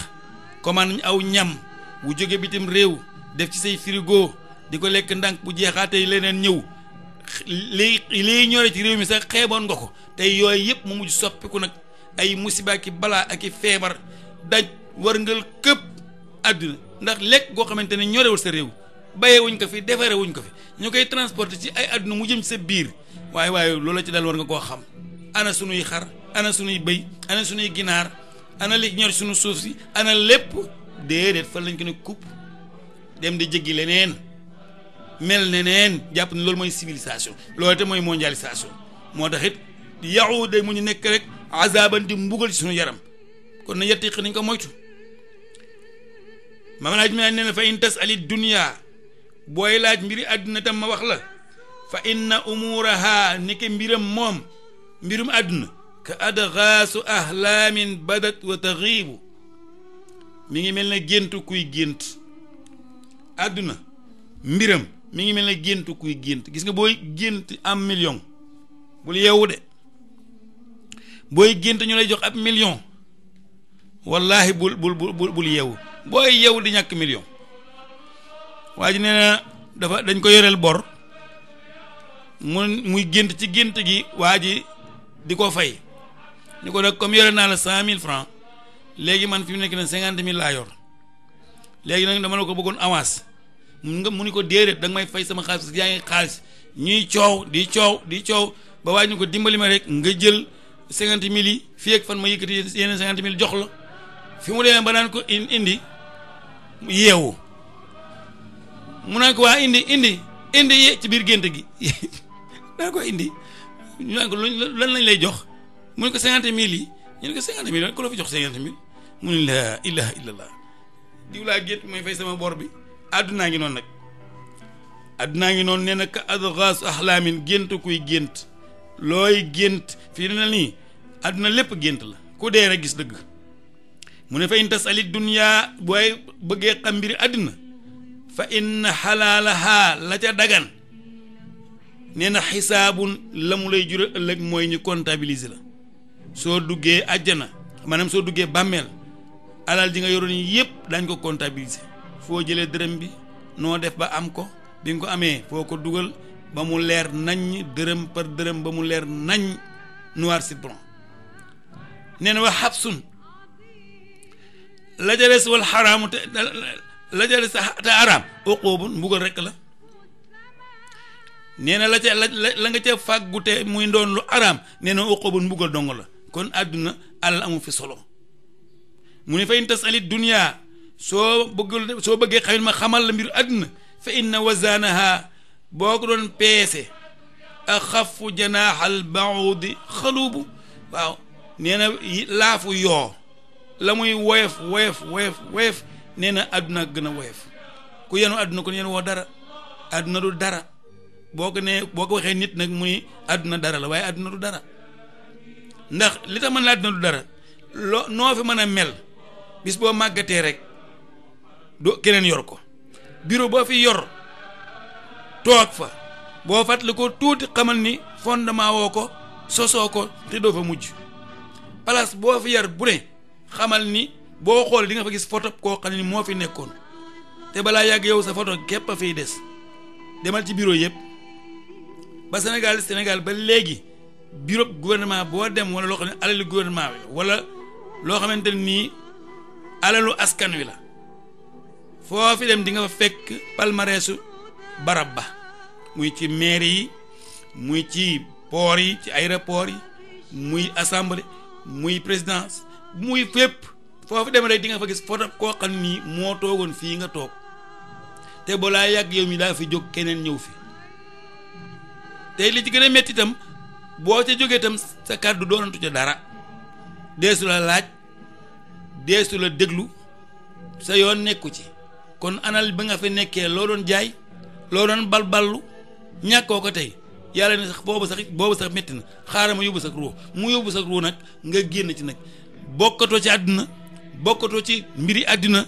commande aw ñam bu jóge bitim réew def ci say frigo di ko lekk ndànk bu jeexaatee leneen ñëw li lii ñoree ci réew mi sax xeeboon nga ko tey yooyu yëpp mu mujj soppiku nag ay musiba ki balaa ak i feebar daj warngal këpp àdduna ndax lekk goo xamante ne ñorewul sa réew baye wuñ ko fi defaree wuñ ko fi ñu koy transporter ci ay àdduna mu jëm sa biir waaye waaye loolu la ci dal war nga koo xam ana sunuy xar ana sunuy bëy ana sunuy ginaar ana li ñor sunu suuf si ana lépp déedéet fan lañ ko ne kupp dem di jéggi leneen. mel ne neen jàpp ne loolu mooy civilisation loolu te mooy mondialisation moo tax it yaxu day mu ñu nekk rek azaban di mbugal ci suñu yaram kon na yettiq nañ ko moytu mam laaj mi nee na fa in tasali dunia booy laaj mbiri àdduna tam ma wax la fa inna umuuraha niki mbiram moom mbirum àdduna ka adxaasu ahlaamin badat wa taxiibu mi ngi mel ne gént kuy gént àdduna mbiram mi ngi mel ne gént kuy gént gis nga booy gént am million bul yeewu de booy gént ñu lay jox ab million wallaahi bul bul bul bul yeewu booy yeewu di ñàkk million waa ji nee dafa dañ ko yoreel bor mu muy gént ci gént gi waa ji di ko fay ñu ko nag comme yore naa la cent mille francs léegi man fi mu nekk na cinquante mille laa yor léegi nag dama la ko bëggoon avance nga mu ni ko déedéet da may fay sama xaalis yaa ngi xaalis ñuy coow di coow di coow ba waaj ñu ko dimbali ma rek nga jël cinquante mille yi fii fan ma yëkkati yeneen cinquante mille jox la fi mu demee ba naan ko indi yeewu mu naan ko waa indi indi indi ci biir gént gi naan indi ñu naan ko lan lañ lay jox mu ne ko cinquante mille yi ñu ne ko cinquante mille ko la fi jox cinquante mille mu ne la ilaha illallah diw laa gént may fay sama bor bi àddunaa ngi noon nag àddunaa ngi noon nee na ka adxaasu gént kuy gént looy gént fii dina nii àdduna lépp gént la ku dee rek gis dëgg mu ne fa in tasali dunya booy bëggee xam mbiri àdduna fa in xalaalahaa la ca dagan nee na xisaabun la mu lay jura ëllëg mooy ñu comptabiliser la soo duggee àjjana maanaam soo duggee bàmmeel alal ji nga yoroon yëpp dañ ko comptabiliser foo jëlee dërëm bi noo def ba am ko bi nga ko amee foo ko dugal ba mu leer nañ dërëm par dërëm ba mu leer nañ noir sur blanc nee na wax xabsun la ja des wal xaraamu te la ja des te araam mbugal rekk la nee na la ca la la nga ca fàggute muy ndoon lu araam nee na uquubun mbugal dong la kon àdduna àll amu fi solo mu ne fa in tasali dunia soo bëggul soo bëggee xamit ma xamal la mbiru àdduna fa inna wazaanaha boo ko doon peese axafu janaaxal baudi xaluubu waaw nee na laafu yoo la muy woyof woyof woyof woyof nee na àdduna gën a woyof ku yenu àdduna ko yenu woo dara àdduna du dara boo ko nee boo ko waxee nit nag mu ni àdduna dara la waaye àddina du dara ndax li tax mën la àdduna du dara loo noo fi mën a mel bis boo màggatee rek do keneen yor ko bureau boo fi yor toog fa boo fàttali ko tuuti xamal ni fondement woo ko sosoo ko te doo fa mujj place boo fi yar bu ne xamal ni boo xool di nga fa gis photo koo xam ni moo fi nekkoon te balaa yàgg yow sa photo képp a fiy des demal ci bureau yëpp ba Sénégal Sénégal ba léegi bureau gouvernement boo dem wala loo xam ne alalu gouvernement bi wala loo xamante nii alalu askan wi la foo fi dem di nga fa fekk palmarèsu barab ba muy ci mairie yi muy ci port yi ci aéroport yi muy assemblée muy présidence muy fépp foo fi dem rek di nga fa gis photo koo xam nii moo toogoon fii nga toog te balaa yàgg yow mi daa fi jóg keneen ñëw fi te li ci gën a métti boo ca jógee itam sa kàddu doonantu ca dara deesu la laaj deesu la déglu sa yoon nekku ci kon anal ba nga fa nekkee loo doon jaay loo doon balballu ñàkkoo ko tey yàlla ne sax boobu sax boobu sax métti na xaaral ma yóbbu sax ruux mu yóbbu sax nag nga génn ci nag bokkatoo ci àdduna bokkatoo ci mbiri àdduna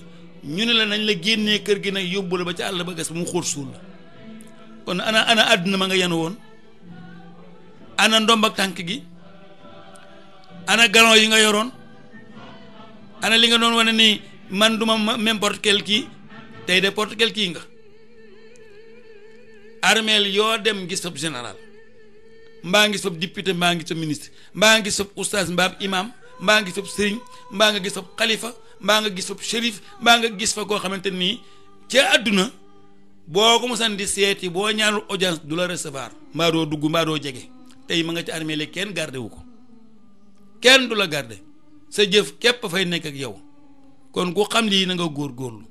ñu ne la nañ la génnee kër gi nag yóbbu ba ca àll ba gas mu xóot suul kon ana ana àdduna ma nga yanu woon ana ndomb tànk gi ana galon yi nga yoroon ana li nga doon wane ni man duma ma n'importe quel kii tey de Portugal kii nga armeel yoo dem gis fab général mbaa ngi fab député mbaa ngi fab ministre mbaa ngi fab oustaz mbaa imam mbaa ngi fab sëriñ mbaa nga gis fab xalifa mbaa nga gis fab shérif mbaa nga gis fa koo xamante nii ca àdduna boo ko mosan di seeti boo ñaanul audience du la recevoir mbaa doo dugg mbaa doo jege tey ma nga ci armeel kenn garde wu ko kenn du la garde sa jëf képp fay nekk ak yow kon ku xam lii na nga góor góorlu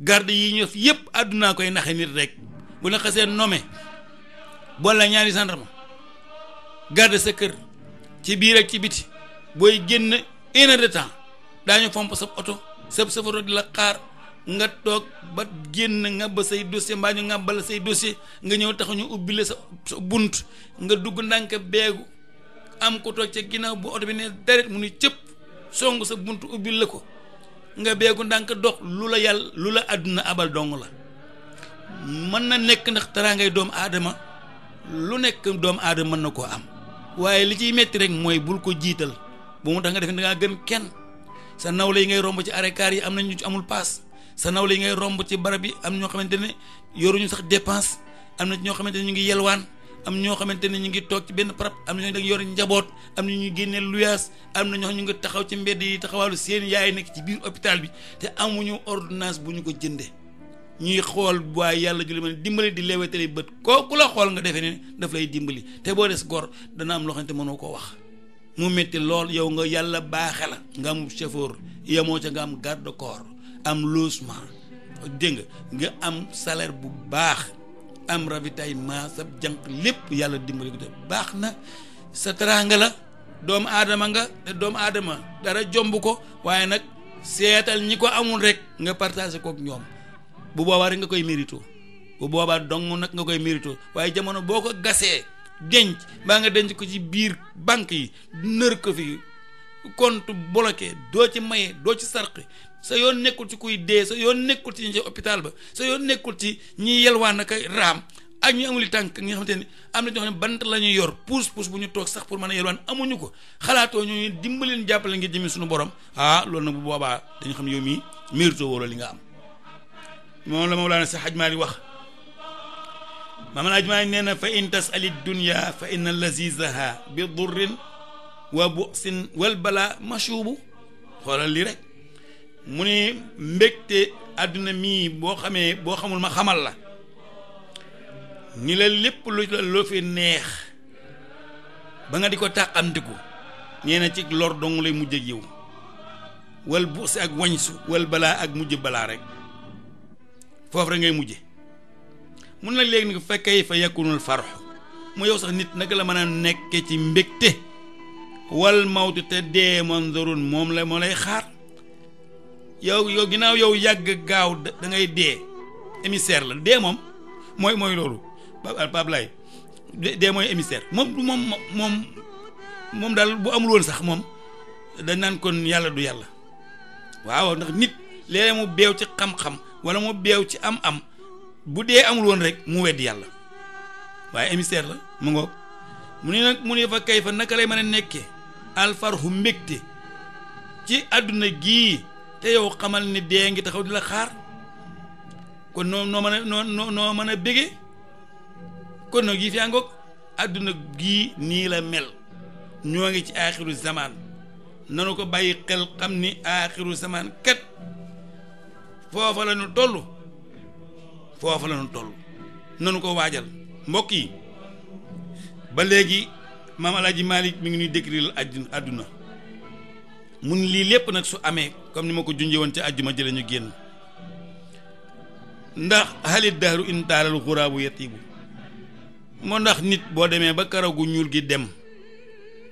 garde yi ñu def yëpp àddunaa koy naxe nit rek bu la xasee nommé bool la ñaari gendarme garde sa kër ci biir ak ci biti booy génn une heure de temps fomp sa oto sa safaro di la xaar nga toog ba génn nga ba say dossier mbaa ñu ngàbbal say dossier nga ñëw taxu ñu ubbi la sa bunt nga dugg ndànk beegu am ko toog ca ginnaaw bu oto bi ne deret mu ni cëpp song sa bunt ubbil la ko nga beegu ndànk dox lu la yàlla lu la àdduna abal dong la mën na nekk ndax teraangay doomu aadama lu nekk doomu aadama mën na koo am waaye li ciy metti rek mooy bul ko jiital bu mu tax nga def dangaa gën kenn sa naw nawle yi ngay romb ci arekaar yi am na ñu ci amul paas sa nawle yi ngay romb ci barab yi am ñoo xamante ne yoruñu sax dépense am na ci ñoo xamante ne ñu ngi yelwaan am ñoo xamante ne ñu ngi toog ci benn parab am na ñoo ngi yor njaboot am na ñu génneel luyaas am na ñu ngi taxaw ci mbedd yi taxawaalu seen yaay nekk ci biir hôpital bi te amuñu ordonnance bu ñu ko jëndee ñuy xool waaye yàlla ju la mën dimbali di leewetali bët kooku la xool nga defee ne daf lay dimbali te boo des gor dana am loo xamante mënoo koo wax mu métti lool yow nga yàlla baaxe la nga am chauffeur yemoo ca nga am garde corps am logement dégg nga am salaire bu baax am ravitaillement sa jànq lépp yàlla dimbali ko te baax na sa teraanga la doomu aadama nga te doomu aadama dara jomb ko waaye nag seetal ñi ko amul rek nga partagé kook ñoom bu boobaa rek nga koy mérito bu boobaa dong nag nga koy mérito waaye jamono boo ko gasee denc mbaa nga denc ko ci biir banque yi nër ko fi compte bloqué doo ci maye doo ci sarqi sa yoon nekkul ci kuy dee sa yoon nekkul ci ñi ba sa yoon nekkul ci ñi yelwaan ak raam ak ñu amul tànk nga xam xamante ni am na ñoo xam ne bant la ñuy yor puus puus bu ñu toog sax pour mën a yelwaan amuñu ko xalaatoo ñu dimbaleen jàppale ngir jëmi suñu borom ah loolu nag bu boobaa dañu xam ne yow mii mérito woo li nga am moom la Mawlaana sa xajmaali wax ma al ajmaali nee na fa in tasali dunya fa inna lazizaha bi durrin wa busin wal bala mashubu xoolal lii rek mu ne mbégte àdduna mii boo xamee boo xamul ma xamal la ni la lépp lu loo fi neex ba nga di ko tàqamtiku nee ci lor dong lay mujj ak yow wal buusi ak wañsu wal balaa ak mujj balaa rek foofu rek ngay mujje mun na léegi nag fa kay fa yàkkunul farxu mu yow sax nit naka la mën a nekke ci mbégte wal mawtu te dee manzarun moom la moo lay xaar yow yow ginnaaw yow yàgg gaaw da ngay dee émissaire la dee moom mooy mooy loolu Pape Laye dee mooy émissaire moom du moom moom moom daal bu amul woon sax moom dañ naan kon yàlla du yàlla waaw ndax nit léeg mu beew ci xam-xam wala mu beew ci am-am bu dee amul woon rek mu weddi yàlla waaye émissaire la mu ngoog mu ne nag mu ne fa kay fa naka lay mën a nekkee alfarhu mbégte ci àdduna gii te yow xamal ne dee ngi taxaw di la xaar kon noo noo mën a noo noo mën a bégee kon nag gi fi àngoog àdduna gii nii la mel ñoo ngi ci aaxiru zamaan nanu ko bàyyi xel xam ni aaxiru zamaan ket foofa la ñu toll foofa la ñu toll nanu ko waajal mbokk yi ba léegi maam Alaaji Malik mi ngi ñuy décrire àdduna mun lii lépp nag su amee comme ni ma ko junjee woon ci àjjuma jële ñu génn ndax xalit dahru intaalal xuraabu yatibu moo ndax nit boo demee ba gu ñuul gi dem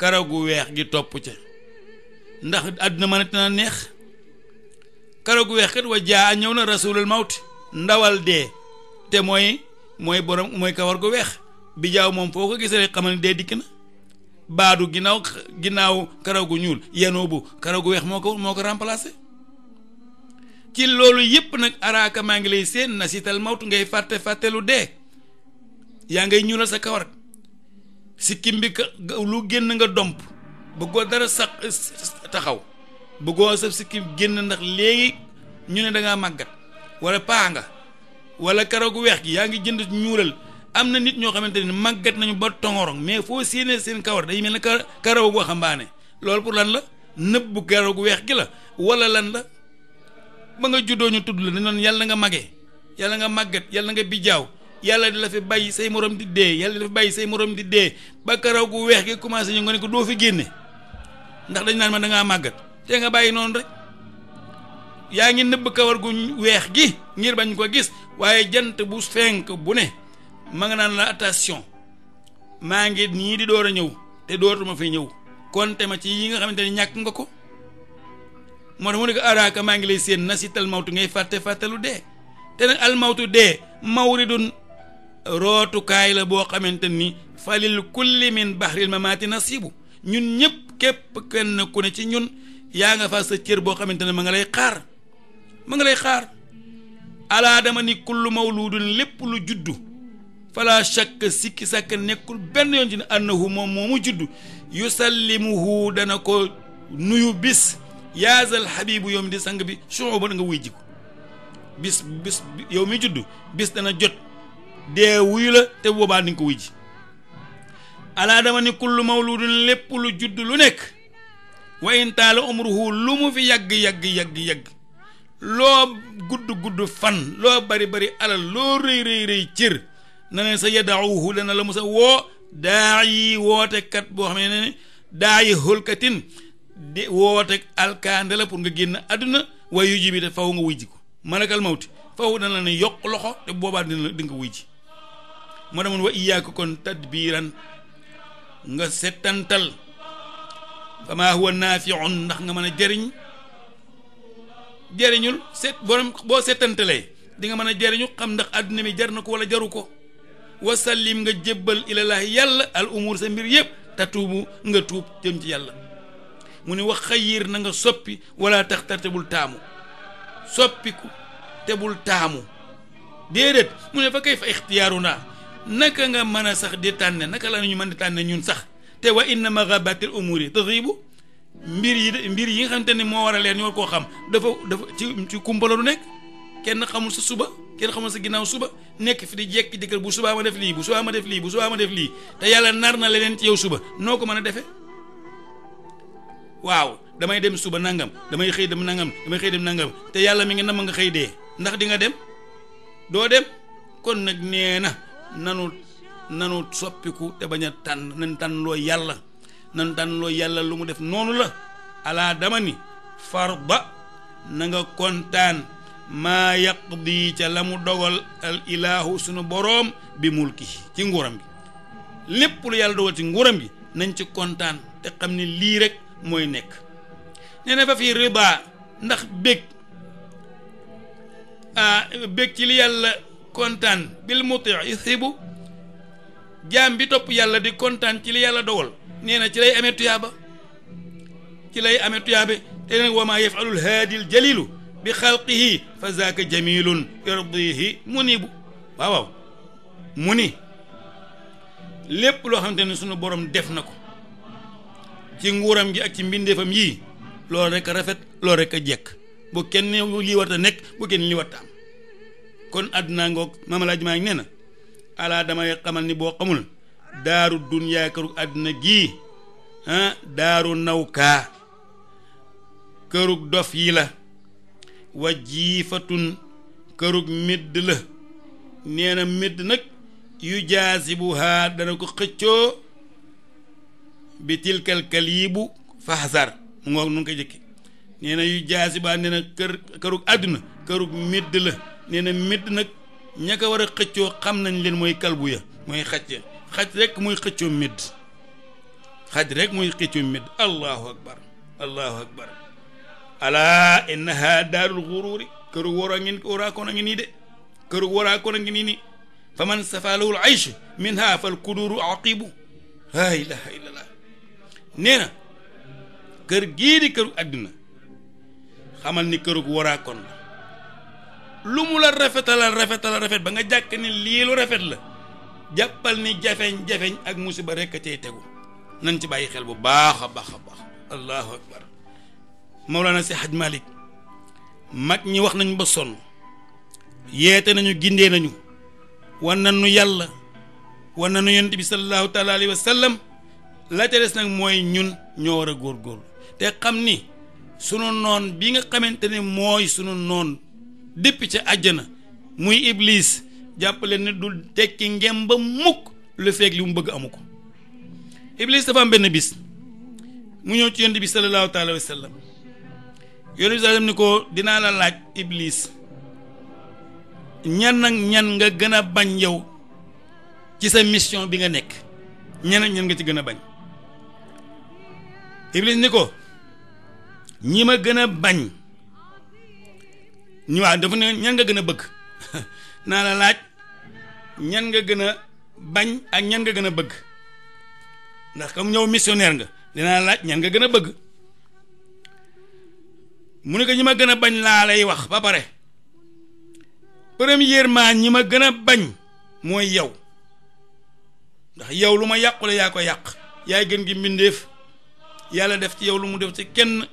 karaw gu weex gi topp ca ndax àdduna mën a tana neex gu weex kat wa jaa ñëw na rasulul mawti ndawal dee te mooy mooy borom mooy kawar gu weex bi jaaw moom foo ko gisee rek xamal ne dee dikk na baadu ginnaaw ginnaaw karaw gu ñuul yanoo bu karaw gu weex moo ko moo ko remplacé ci loolu yépp nag araaka maa ngi lay séen na sital mawtu ngay fàtte fàtte lu dee yaa ngay ñuulal sa kawar sikkim bi lu génn nga domp bëggoo dara sax taxaw bëggoo sa sikkim génn ndax léegi ñu ne dangaa màggat walla paa nga wala karaw gu weex gi yaa ngi jënd ñuulal am na nit ñoo xamante ne màggat nañu ba tongorong mais foo séenee seen kawar day mel ne ka karaw gu waxambaane loolu pour lan la nëbbu karaw gu weex gi la wala lan la ba nga juddoo ñu tudd la ne noonu yàlla nga magee yàlla nga màggat yàlla nga bijaaw yàlla di la fi bàyyi say morom di dee yàlla di la fi bàyyi say morom di dee ba karaw gu weex gi commencé ñu nga ne ko doo fi génne ndax dañ naan ma dangaa màggat te nga bàyyi noonu rek yaa ngi nëbb kawar gu weex gi ngir bañ ko gis waaye jant bu fenk bu ne ma nga naan la attention maa ngi nii di door a ñëw te dootuma fi ñëw konte ma ci yi nga xamante ne ñàkk nga ko moo tax mu ne ko araaka maa ngi lay séen nasital mawtu ngay fàtte fàttelu dee te nag almawtu dee mawridun rootukaay la boo xamante ni falil kulli min bahril mamaati nasibu ñun ñëpp képp kenn ku ne ci ñun yaa nga fa sa cër boo xamante ne ma nga lay xaar ma nga lay xaar alaa dama ni kullu mawludun lépp lu juddu fala shakk sikki sàkk nekkul benn yoon ci ne annahu moom moomu juddu yusallimuhu dana ko nuyu bis yaazal xabibu yow mi di sang bi suuban nga wuy jiku bis bis yow mi judd bis dana jot dee wuyu la te boobaa di nga ko wuy ji alaa dama ni kullu lépp lu judd lu nekk wa in taala lu mu fi yàgg yàgg yàgg yàgg loo gudd gudd fan loo bari bari alal loo rëy rëy rëy cër na ne sa yadauhu dana la musa woo daa yi wootekat boo xam ne ne daa yi xulkatin di woote alkaande la pour nga génn àdduna waaye yu ji bi faw nga wuy ji ko malakal mawti faw dana la ne yokk loxo te boobaa dina di nga wuy ji moo demoon wa iyaaka kon tadbiiran nga settantal fama huwa naafiun ndax nga mën a jariñ jariñul set borom boo settantalee di nga mën a jariñu xam ndax àdduna mi jar na ko wala jaru ko wasallim nga jébbal ilallaahi yàlla al umur sa mbir yëpp bu nga tuub jëm ci yàlla mu ne wax xayir na nga soppi wala tax tar te bul taamu soppiku te bul taamu déedéet mu ne fa kay fa ixtiyaaru naa naka nga mën a sax di tànne naka la ñu mën di tànne ñun sax te wa inna magabatil umuri tadribu mbir yi de mbir yi nga xamante ne moo war a leer ñu war koo xam dafa dafa ci ci kumpala du nekk kenn xamul sa suba kenn xamul sa ginnaaw suba nekk fi di jekki dikkal bu subaa ma def lii bu subaa ma def lii bu subaa ma def lii te yàlla nar na leneen ci yow suba noo ko mën a defe waaw damay dem suba nangam damay xëy dem nangam damay xëy dem nangam te yàlla mi ngi nam nga xëy dee ndax di nga dem doo dem kon nag nee na nanu nanu soppiku te bañ a tànn nañ tànnloo yàlla nañ tànn yàlla lu mu def noonu la alaa dama ni farba na nga kontaan maa yaqdi ca la mu dogal al ilaahu sunu borom bi mulki ci nguuram gi lépp lu yàlla dogal ci nguuram gi nañ ci kontaan te xam ne lii rek mooy nekk nee fa fii riba ndax bég ah ci li yàlla kontaan bil muti isibu jaam bi topp yàlla di kontaan ci li yàlla dogal nee na ci lay amee tuyaaba ci lay amee tuyaabe te nag wa maa yafalul haadil jalilu bi xalqihi fa zaaka jamilun irdihi munibu waaw waaw mu ni lépp loo xamante ne sunu borom def na ko ci nguuram gi ak ci mbindeefam yii lool rek rafet loolu rek jekk bu kenn lii war ta nekk bu kenn lii am kon àdduna ngoog maam Alaaji Maalik na alaa damay xamal ni boo xamul daaru dunyaa këru àdduna gii ah, daaru nawkaa kërug dof yi la wa jiifatun kërug midd la nee na midd nag yu jaasibuhaa dana ko xëccoo bi tilkal kaliibu faxasar mu ngoog nu ngi jëkke nee yu jaasibuhaa nee na kër kërug àdduna kërug midd la nee na midd nag ña war a xëccoo xam nañ leen mooy kalbu ya mooy xaj ya xaj rek muy xëccoo midd xaj rek mooy xëccoo midd allahu akbar allahu akbar ala innaha daarul xuruuri këru wara ngin waraa koon a ngi nii de këru waraa koon a ngi nii nii fa man safa lahul aychu minha fal kuduru aqibu laa ilaha kër gii di këru àdduna xamal ni këru waraa koon la lu mu la rafetalal rafetalal rafet ba nga jàkk lii lu rafet la jàppal ni jafeñ jafeñ ak musiba rekk tey tegu nañ ci bàyyi xel bu baax a baax a baax allahu akbar moom Mawlana si Hadj malik mag ñi wax nañu ba sonn yeete nañu gindee nañu war na nañu yàlla wan nañu yonent bi sallallahu taala alayhi wa sallam la ca nag mooy ñun ñoo war a góor góorgóorlu te xam ni sunu noon bi nga xamante ne mooy sunu noon depuis ca àjjana muy Iblis jàppale ne du tekki ngem ba mukk lu feeg li mu bëgg amu ko Iblis dafa am bis mu ñëw ci yonent bi sallallahu taala alayhi yonent bi sallam ni ko dinaa la laaj iblis ñan ak ñan nga gën a bañ yaw ci sa mission bi nga nekk ñan ak nga ci gën a bañ iblis ni ko ñi ma gën a bañ ñu waaw dafa ñan nga gën a bëgg naa la laaj ñan nga gën a bañ ak ñan nga gën a bëgg ndax comme ñëw missionnaire nga dinaa la laaj ñan nga gën a bëgg mu ne ko ñi ma gën a bañ laa lay wax ba pare premièrement ñi ma gën a bañ mooy yow ndax yow lu ma yàqule yaa ko yàq yaay gën gi mbindéef yàlla def ci yow lu mu def ci kenn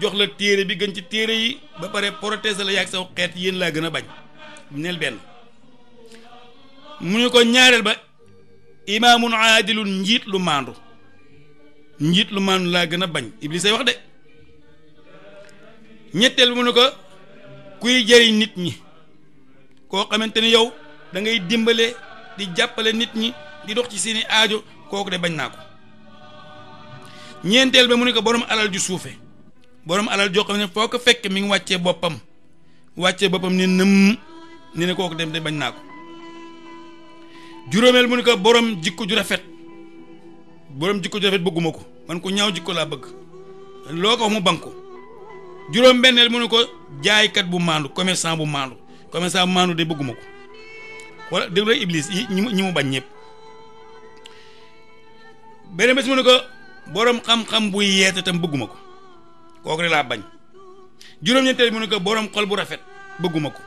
jox la téere bi gën ci téere yi ba pare protéger la yàgg saw xeet yéen laa gën a bañ neel benn mu ne ko ñaareel ba imaamun aadilun njiit lu maandu njiit lu maandu laa gën a bañ iblis say wax de ñetteel mu ne ko kuy jëriñ nit ñi koo xamante ni yow dangay dimbale di jàppale nit ñi di dox ci seeni aajo kooku de bañ naa ko ñeenteel bi mu ne ko borom alal ju suufe borom alal joo xam ne foo ko fekk mi ngi wàccee boppam wàccee boppam ne nëmm ne ne kooku de bañ naa ko juróomeel mu ne boroom jikko ju rafet boroom jikko ju rafet bëgguma ko man ko ñaaw jikko laa bëgg loo ko wax mu banko juróom benneel mu ko jaaykat bu maandu commerçant bu maandu commerçant bu maandu de bëgguma ko wala de nga iblis yi ñi mu bañ ñëpp beneen bés mu ne ko boroom xam-xam buy yeete tam bëgguma ko kooku rek laa bañ juróom-ñeenteel mu ne ko boroom xol bu rafet bëgguma ko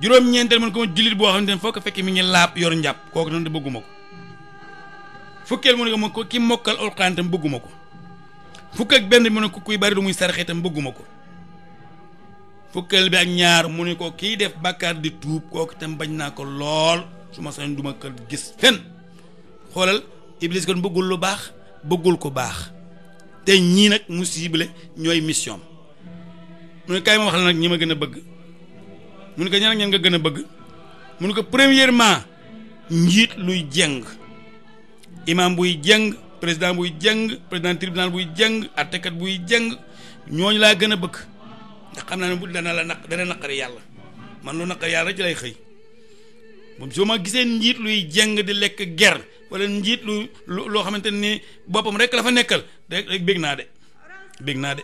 juróom-ñeenteel mu ne ko jullit boo xam ne foo ko fekk mi ngi laab yor njàpp kooku noonu de bëgguma ko fukkeel mu ne ko ki mokkal alxuraan tam bëgguma ko fukk ak benn mu ne ko kuy bari lu muy saraxe itam bëgguma ko fukkal bi ak ñaar mu ne ko kiy def bàkkaar di tuub kooku itam bañ naa ko lool su ma sañ duma ko gis fenn xoolal iblis kon bëggul lu baax bëggul ko baax te ñii nag mu ciblé ñooy mission mu ne kaay ma wax la nag ñi ma gën a bëgg mu ne ko ñan ak nga gën a bëgg mu ne ko premièrement njiit luy jeng imaam buy jeng président buy jëng président tribunal buy jëng àttekat buy jëng ñooñ laa gën a bëgg ndax xam naa ne bu dana la naq dana naqari yàlla man lu naqari yàlla ci lay xëy moom su ma gisee njiit luy jëng di lekk ger wala njiit lu loo xamante ni boppam rek la fa nekkal rek bég naa de bég naa de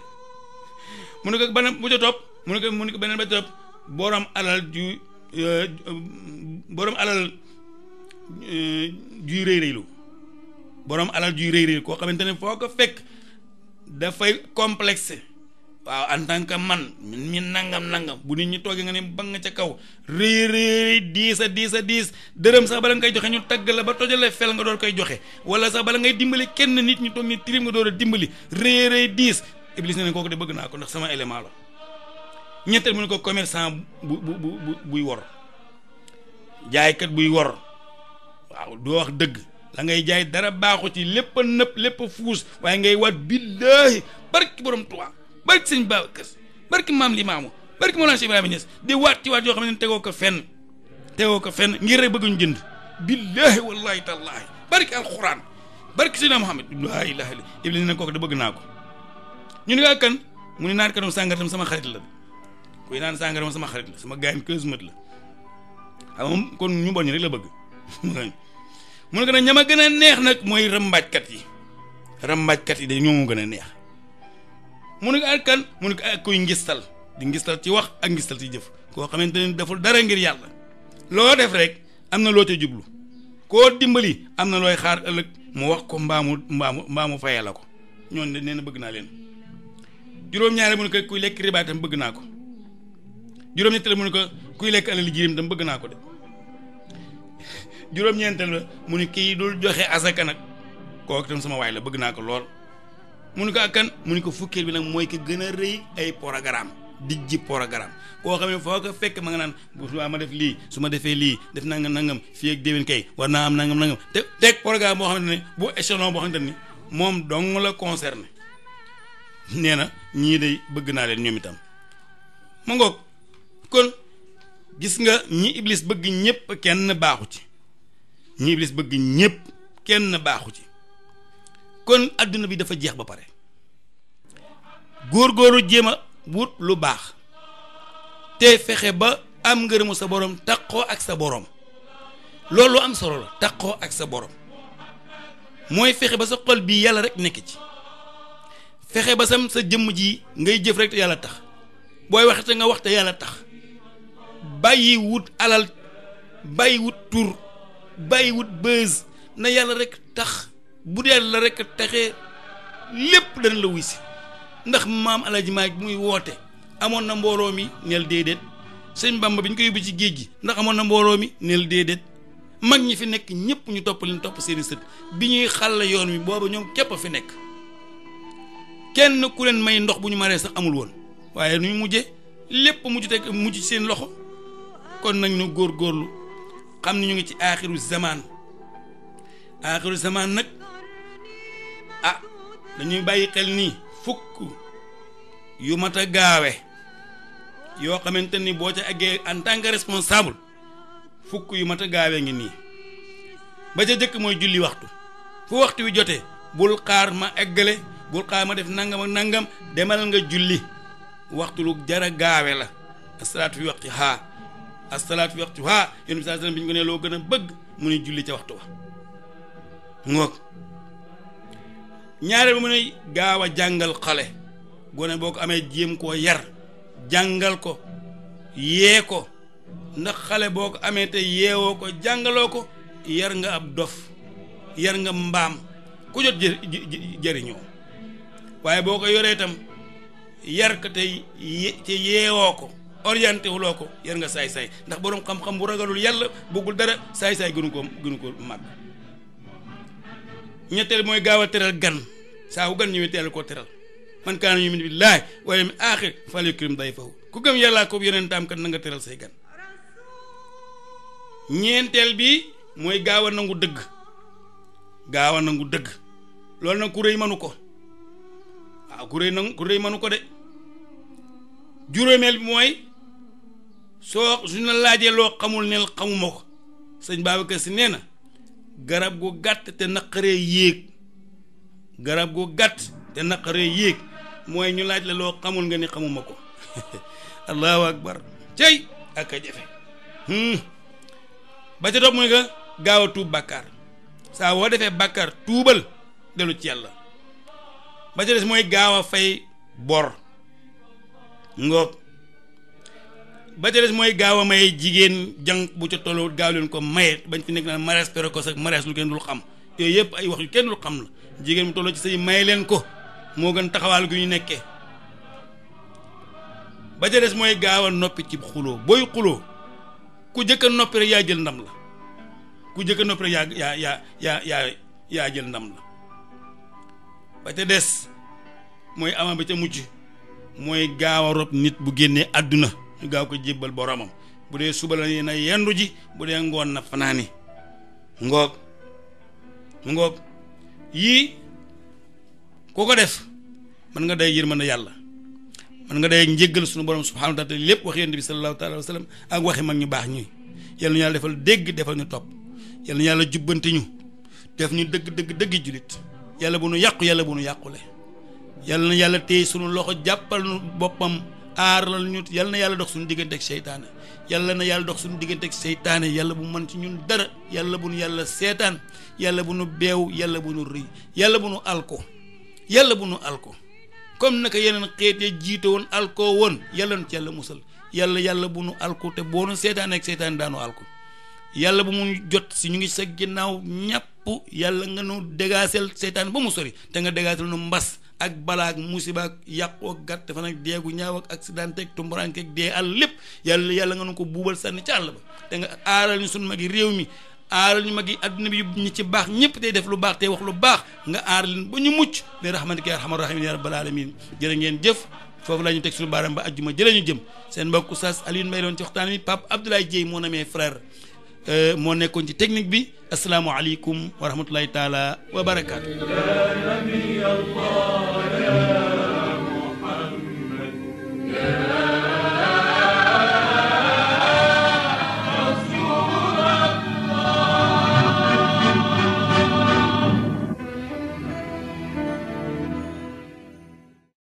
mu ne ko beneen bu ca topp mu ne ko mu ne ko beneen ba ca alal ju euh, borom alal euh, juy rëy rëylu boroom alal juy rëy rëy koo xamante ne foo ko fekk dafay complexe waaw en tant que man mi nangam nangam bu nit ñi toogee nga ni ba nga ca kaw rëy rëy diis a diis a diis dërëm sax bala koy joxe ñu tagg la ba tojale fel nga door koy joxe wala sax bala ngay dimbali kenn nit ñu toog ni tilim nga door a dimbali rëy rëy diis iblis ne ne kooku de bëgg naa ko ndax sama élément la ñetteel mu ne ko commerçant bu bu bu buy wor jaaykat buy wor dëgg la ngay jaay dara baaxu ci lépp a nëpp lépp fuus waaye ngay waat billaahi barki borom Tuubaa barki sëñ Babacar barki maam Limaamu barki Mawlana Cheikh Ibrahima Niass di waat ci waat yoo xam ne tegoo ko fenn tegoo ko fenn ngir rek bëgguñ jënd billaahi wallaahi tallaahi barki alxuraan barki Seydina Muhammad laa ilaaha illa Iblis ne kooku da bëgg naa ko ñu ne kan mu ne naan sama xarit la kuy naan sàngaram sama xarit la sama gaañ keus mët la xam kon la bëgg mu ne ko nag gën a neex nag mooy rëmbaajkat yi rëmbaajkat yi de ñoo gën a neex mu ne ak kan mu ne ko ak kuy ngistal di ngistal ci wax ak ngistal ci jëf koo xamante ne deful dara ngir yàlla loo def rek am na loo ca jublu koo dimbali am na looy xaar ëllëg mu wax ko mbaamu mbaamu mbaamu fayee la ko ñooñu dañ leen bëgg naa leen juróom-ñaari mu ne ko kuy lekk riba itam bëgg naa ko juróom-ñetti la mu ne ko kuy lekk alal jirim tam bëgg naa ko de juróom-ñeenteel ba mu ni kii dul joxe asaka nag kooku itam sama waay la bëgg naa ko lool mu ni ko ak kan mu ni ko fukkeel bi nag mooy ki gën a rëy ay programme dijji programme koo xam ne foo ko fekk ma nga naan bu subaa ma def lii su ma defee lii def nangam nangam fii ak déwén kay war naa am nangam nangam te teg programme boo xamante ne bu échelon boo xamante ni moom dong la concerné nee na ñii day bëgg naa leen ñoom itam ma ngoog kon gis nga ñi iblis bëgg ñëpp kenn baaxu ci ñi iblis bëgg ñëpp kenn baaxu ci kon àdduna bi dafa jeex ba pare góor góoru jéema wut lu baax te fexe ba am ngërëmu sa borom taqoo ak sa boroom loolu am solo la taqoo ak sa borom mooy fexe ba sa xol bii yàlla rek nekk ci fexe ba sam sa jëmm ji ngay jëf rekk te yàlla tax booy waxe te nga wax te yàlla tax bàyyi wut alal bàyyi wut tur. bàyyiwut bës na yàlla rek tax bu dee la rek taxee lépp dana la wuy si ndax maam Alaaji Maalik bi muy woote amoon na mbooloo mi neel déedéet seen Bamba bi ñu ko yóbbu ci géej gi ndax amoon na mbooloo mi neel déedéet mag ñi fi nekk ñëpp ñu topp leen topp seeni sët bi ñuy xàll yoon wi booba ñoom képp a fi nekk kenn ku leen may ndox bu ñu maree sax amul woon waaye nu ñu mujjee lépp mujj teg ci seen loxo kon nañ góor góorlu xam ne ñu ngi ci aaxiru zamaan aaxiru zamaan nag a ah, dañuy bàyyi xel nii fukk yu mat a gaawe yoo xamante ni boo ca àggee en tant que responsable fukk yu mat a gaawe ngi nii ba ca jëkk mooy julli waxtu fu waxtu wi jotee bul xaar ma eggale bul xaar ma def nangam ak nangam demal nga julli waxtu lu jara gaawe la asalaatu fi waxti xaa asalaatu bi waxtuha yéen bi saa sallam bi ñu ko ne loo gën a bëgg mu ne julli ca waxtu wa ngoog ñaareel mu ne gaaw a jàngal xale gone boo ko amee jéem koo yar jàngal ko yee ko ndax xale boo ko amee te yeewoo ko jàngaloo ko yar nga ab dof yar nga mbaam ku jot jëriñoo waaye boo ko yoree tam yar ko te te yeewoo ko orienté wuloo ko yar nga saay-saay ndax boroom xam-xam bu ragalul yàlla bëggul dara saay-saay gënu ko gënu ko màgg ñetteel mooy gaaw a teral gan saa gan ñëwee teel teral man kaana yu'minu billaahi wal yawmil aaxir falyukrim dayfahu ku ko yonentam kat na teral say gan ñeenteel bi mooy gaaw a nangu dëgg gaawa nangu dëgg loolu nag ku rëy mënu ko waaw ku rëy nangu ku rëy mënu ko de juróomeel bi mooy soo suñu la laajee loo xamul neel xamuma ko sëñ Babacar si nee na garab gu gàtt te naqaree yéeg garab gu gàtt te naqaree yéeg mooy ñu laaj la loo xamul nga ni xamuma ko allahu akbar cey ak a jafe hmm. ba ca topp mu ne gaaw a tuub bàkkaar saa woo defee bàkkaar tuubal dellu ci la ba ca des mooy gaaw a fay bor ngoog ba ca des mooy gaaw a maye jigéen jàng bu ca tolloo gaaw leen ko maye bañ fi nekk naan mariage précoce ak mariage lu kenn dul xam yooyu yëpp ay wax yu kenn dul xam la jigéen mu tolloo ci say maye leen ko moo gën taxawaal gu ñu nekkee ba ca des mooy gaaw a noppi ci xuloo booy xuloo ku jëkk a noppi rek yaa jël ndam la ku jëkk a noppi rek yaa yaa yaa yaa yaa jël ndam la ba ca des mooy ama ba ca mucc mooy gaaw a rob nit bu génnee àdduna ñu gaaw ko jébbal boroomam bu dee suba la na yendu ji bu dee ngoon na fanaani ngoog ngoog yii koo ko def mën nga day yërmande yàlla mën nga day njéggal suñu borom subhanahu lépp wax yonent bi sallallahu taala wa sallam ak waxi mag ñu baax ñuy yal na yàlla defal dégg defal ñu topp yal na yàlla jubbanti ñu def ñu dëgg dëgg dëgg jullit yàlla bu nu yàqu yàlla bu nu yàqule yàlla na yàlla téye sunu loxo jàppal boppam aaral ñu yal na yàlla dox suñu diggante ak seytaane yàlla na yàlla dox suñu diggante ak seytaane yàlla bu mën ci ñun dara yàlla bu nu yàlla seetaan yàlla bu nu beew yàlla bu nu yàlla bu nu alko yàlla bu nu alko comme naka yeneen xeet ya woon alko yàlla nu ci yàlla musal yàlla yàlla bu nu alko te boo nu seytaane ak seytaane daanu alko yàlla bu mu jot si ñu ngi sa ginnaaw ñàpp yàlla nga nu dégaaseel seytaan ba mu sori te nga dégaaseel nu mbas ak balaak musiba ak yàqu ak gàtt fan ak deegu ñaaw ak accident ak tumburanke ak dee àll lépp yàlla yàlla nga nu ko buubal sànni ci àll ba te nga aaral ñu sunu mag yi réew mi aaral ñu mag yi adduna bi ñu ci baax ñëpp tey def lu baax tey wax lu baax nga aar leen ba ñu mucc bi rahmatika ya arhamar rahimin ya rabbal alamin jërë ngeen jëf foofu la ñu teg suñu baaram ba ajjuma jëlee ñu jëm seen mbokk sas Alioune Mbaye doon ci waxtaan wi Pape Abdoulaye Dieye moo namee Euh, moo nekkoon ci technique bi asalaamaaleykum wa rahmatulahi taala wa barakaatu.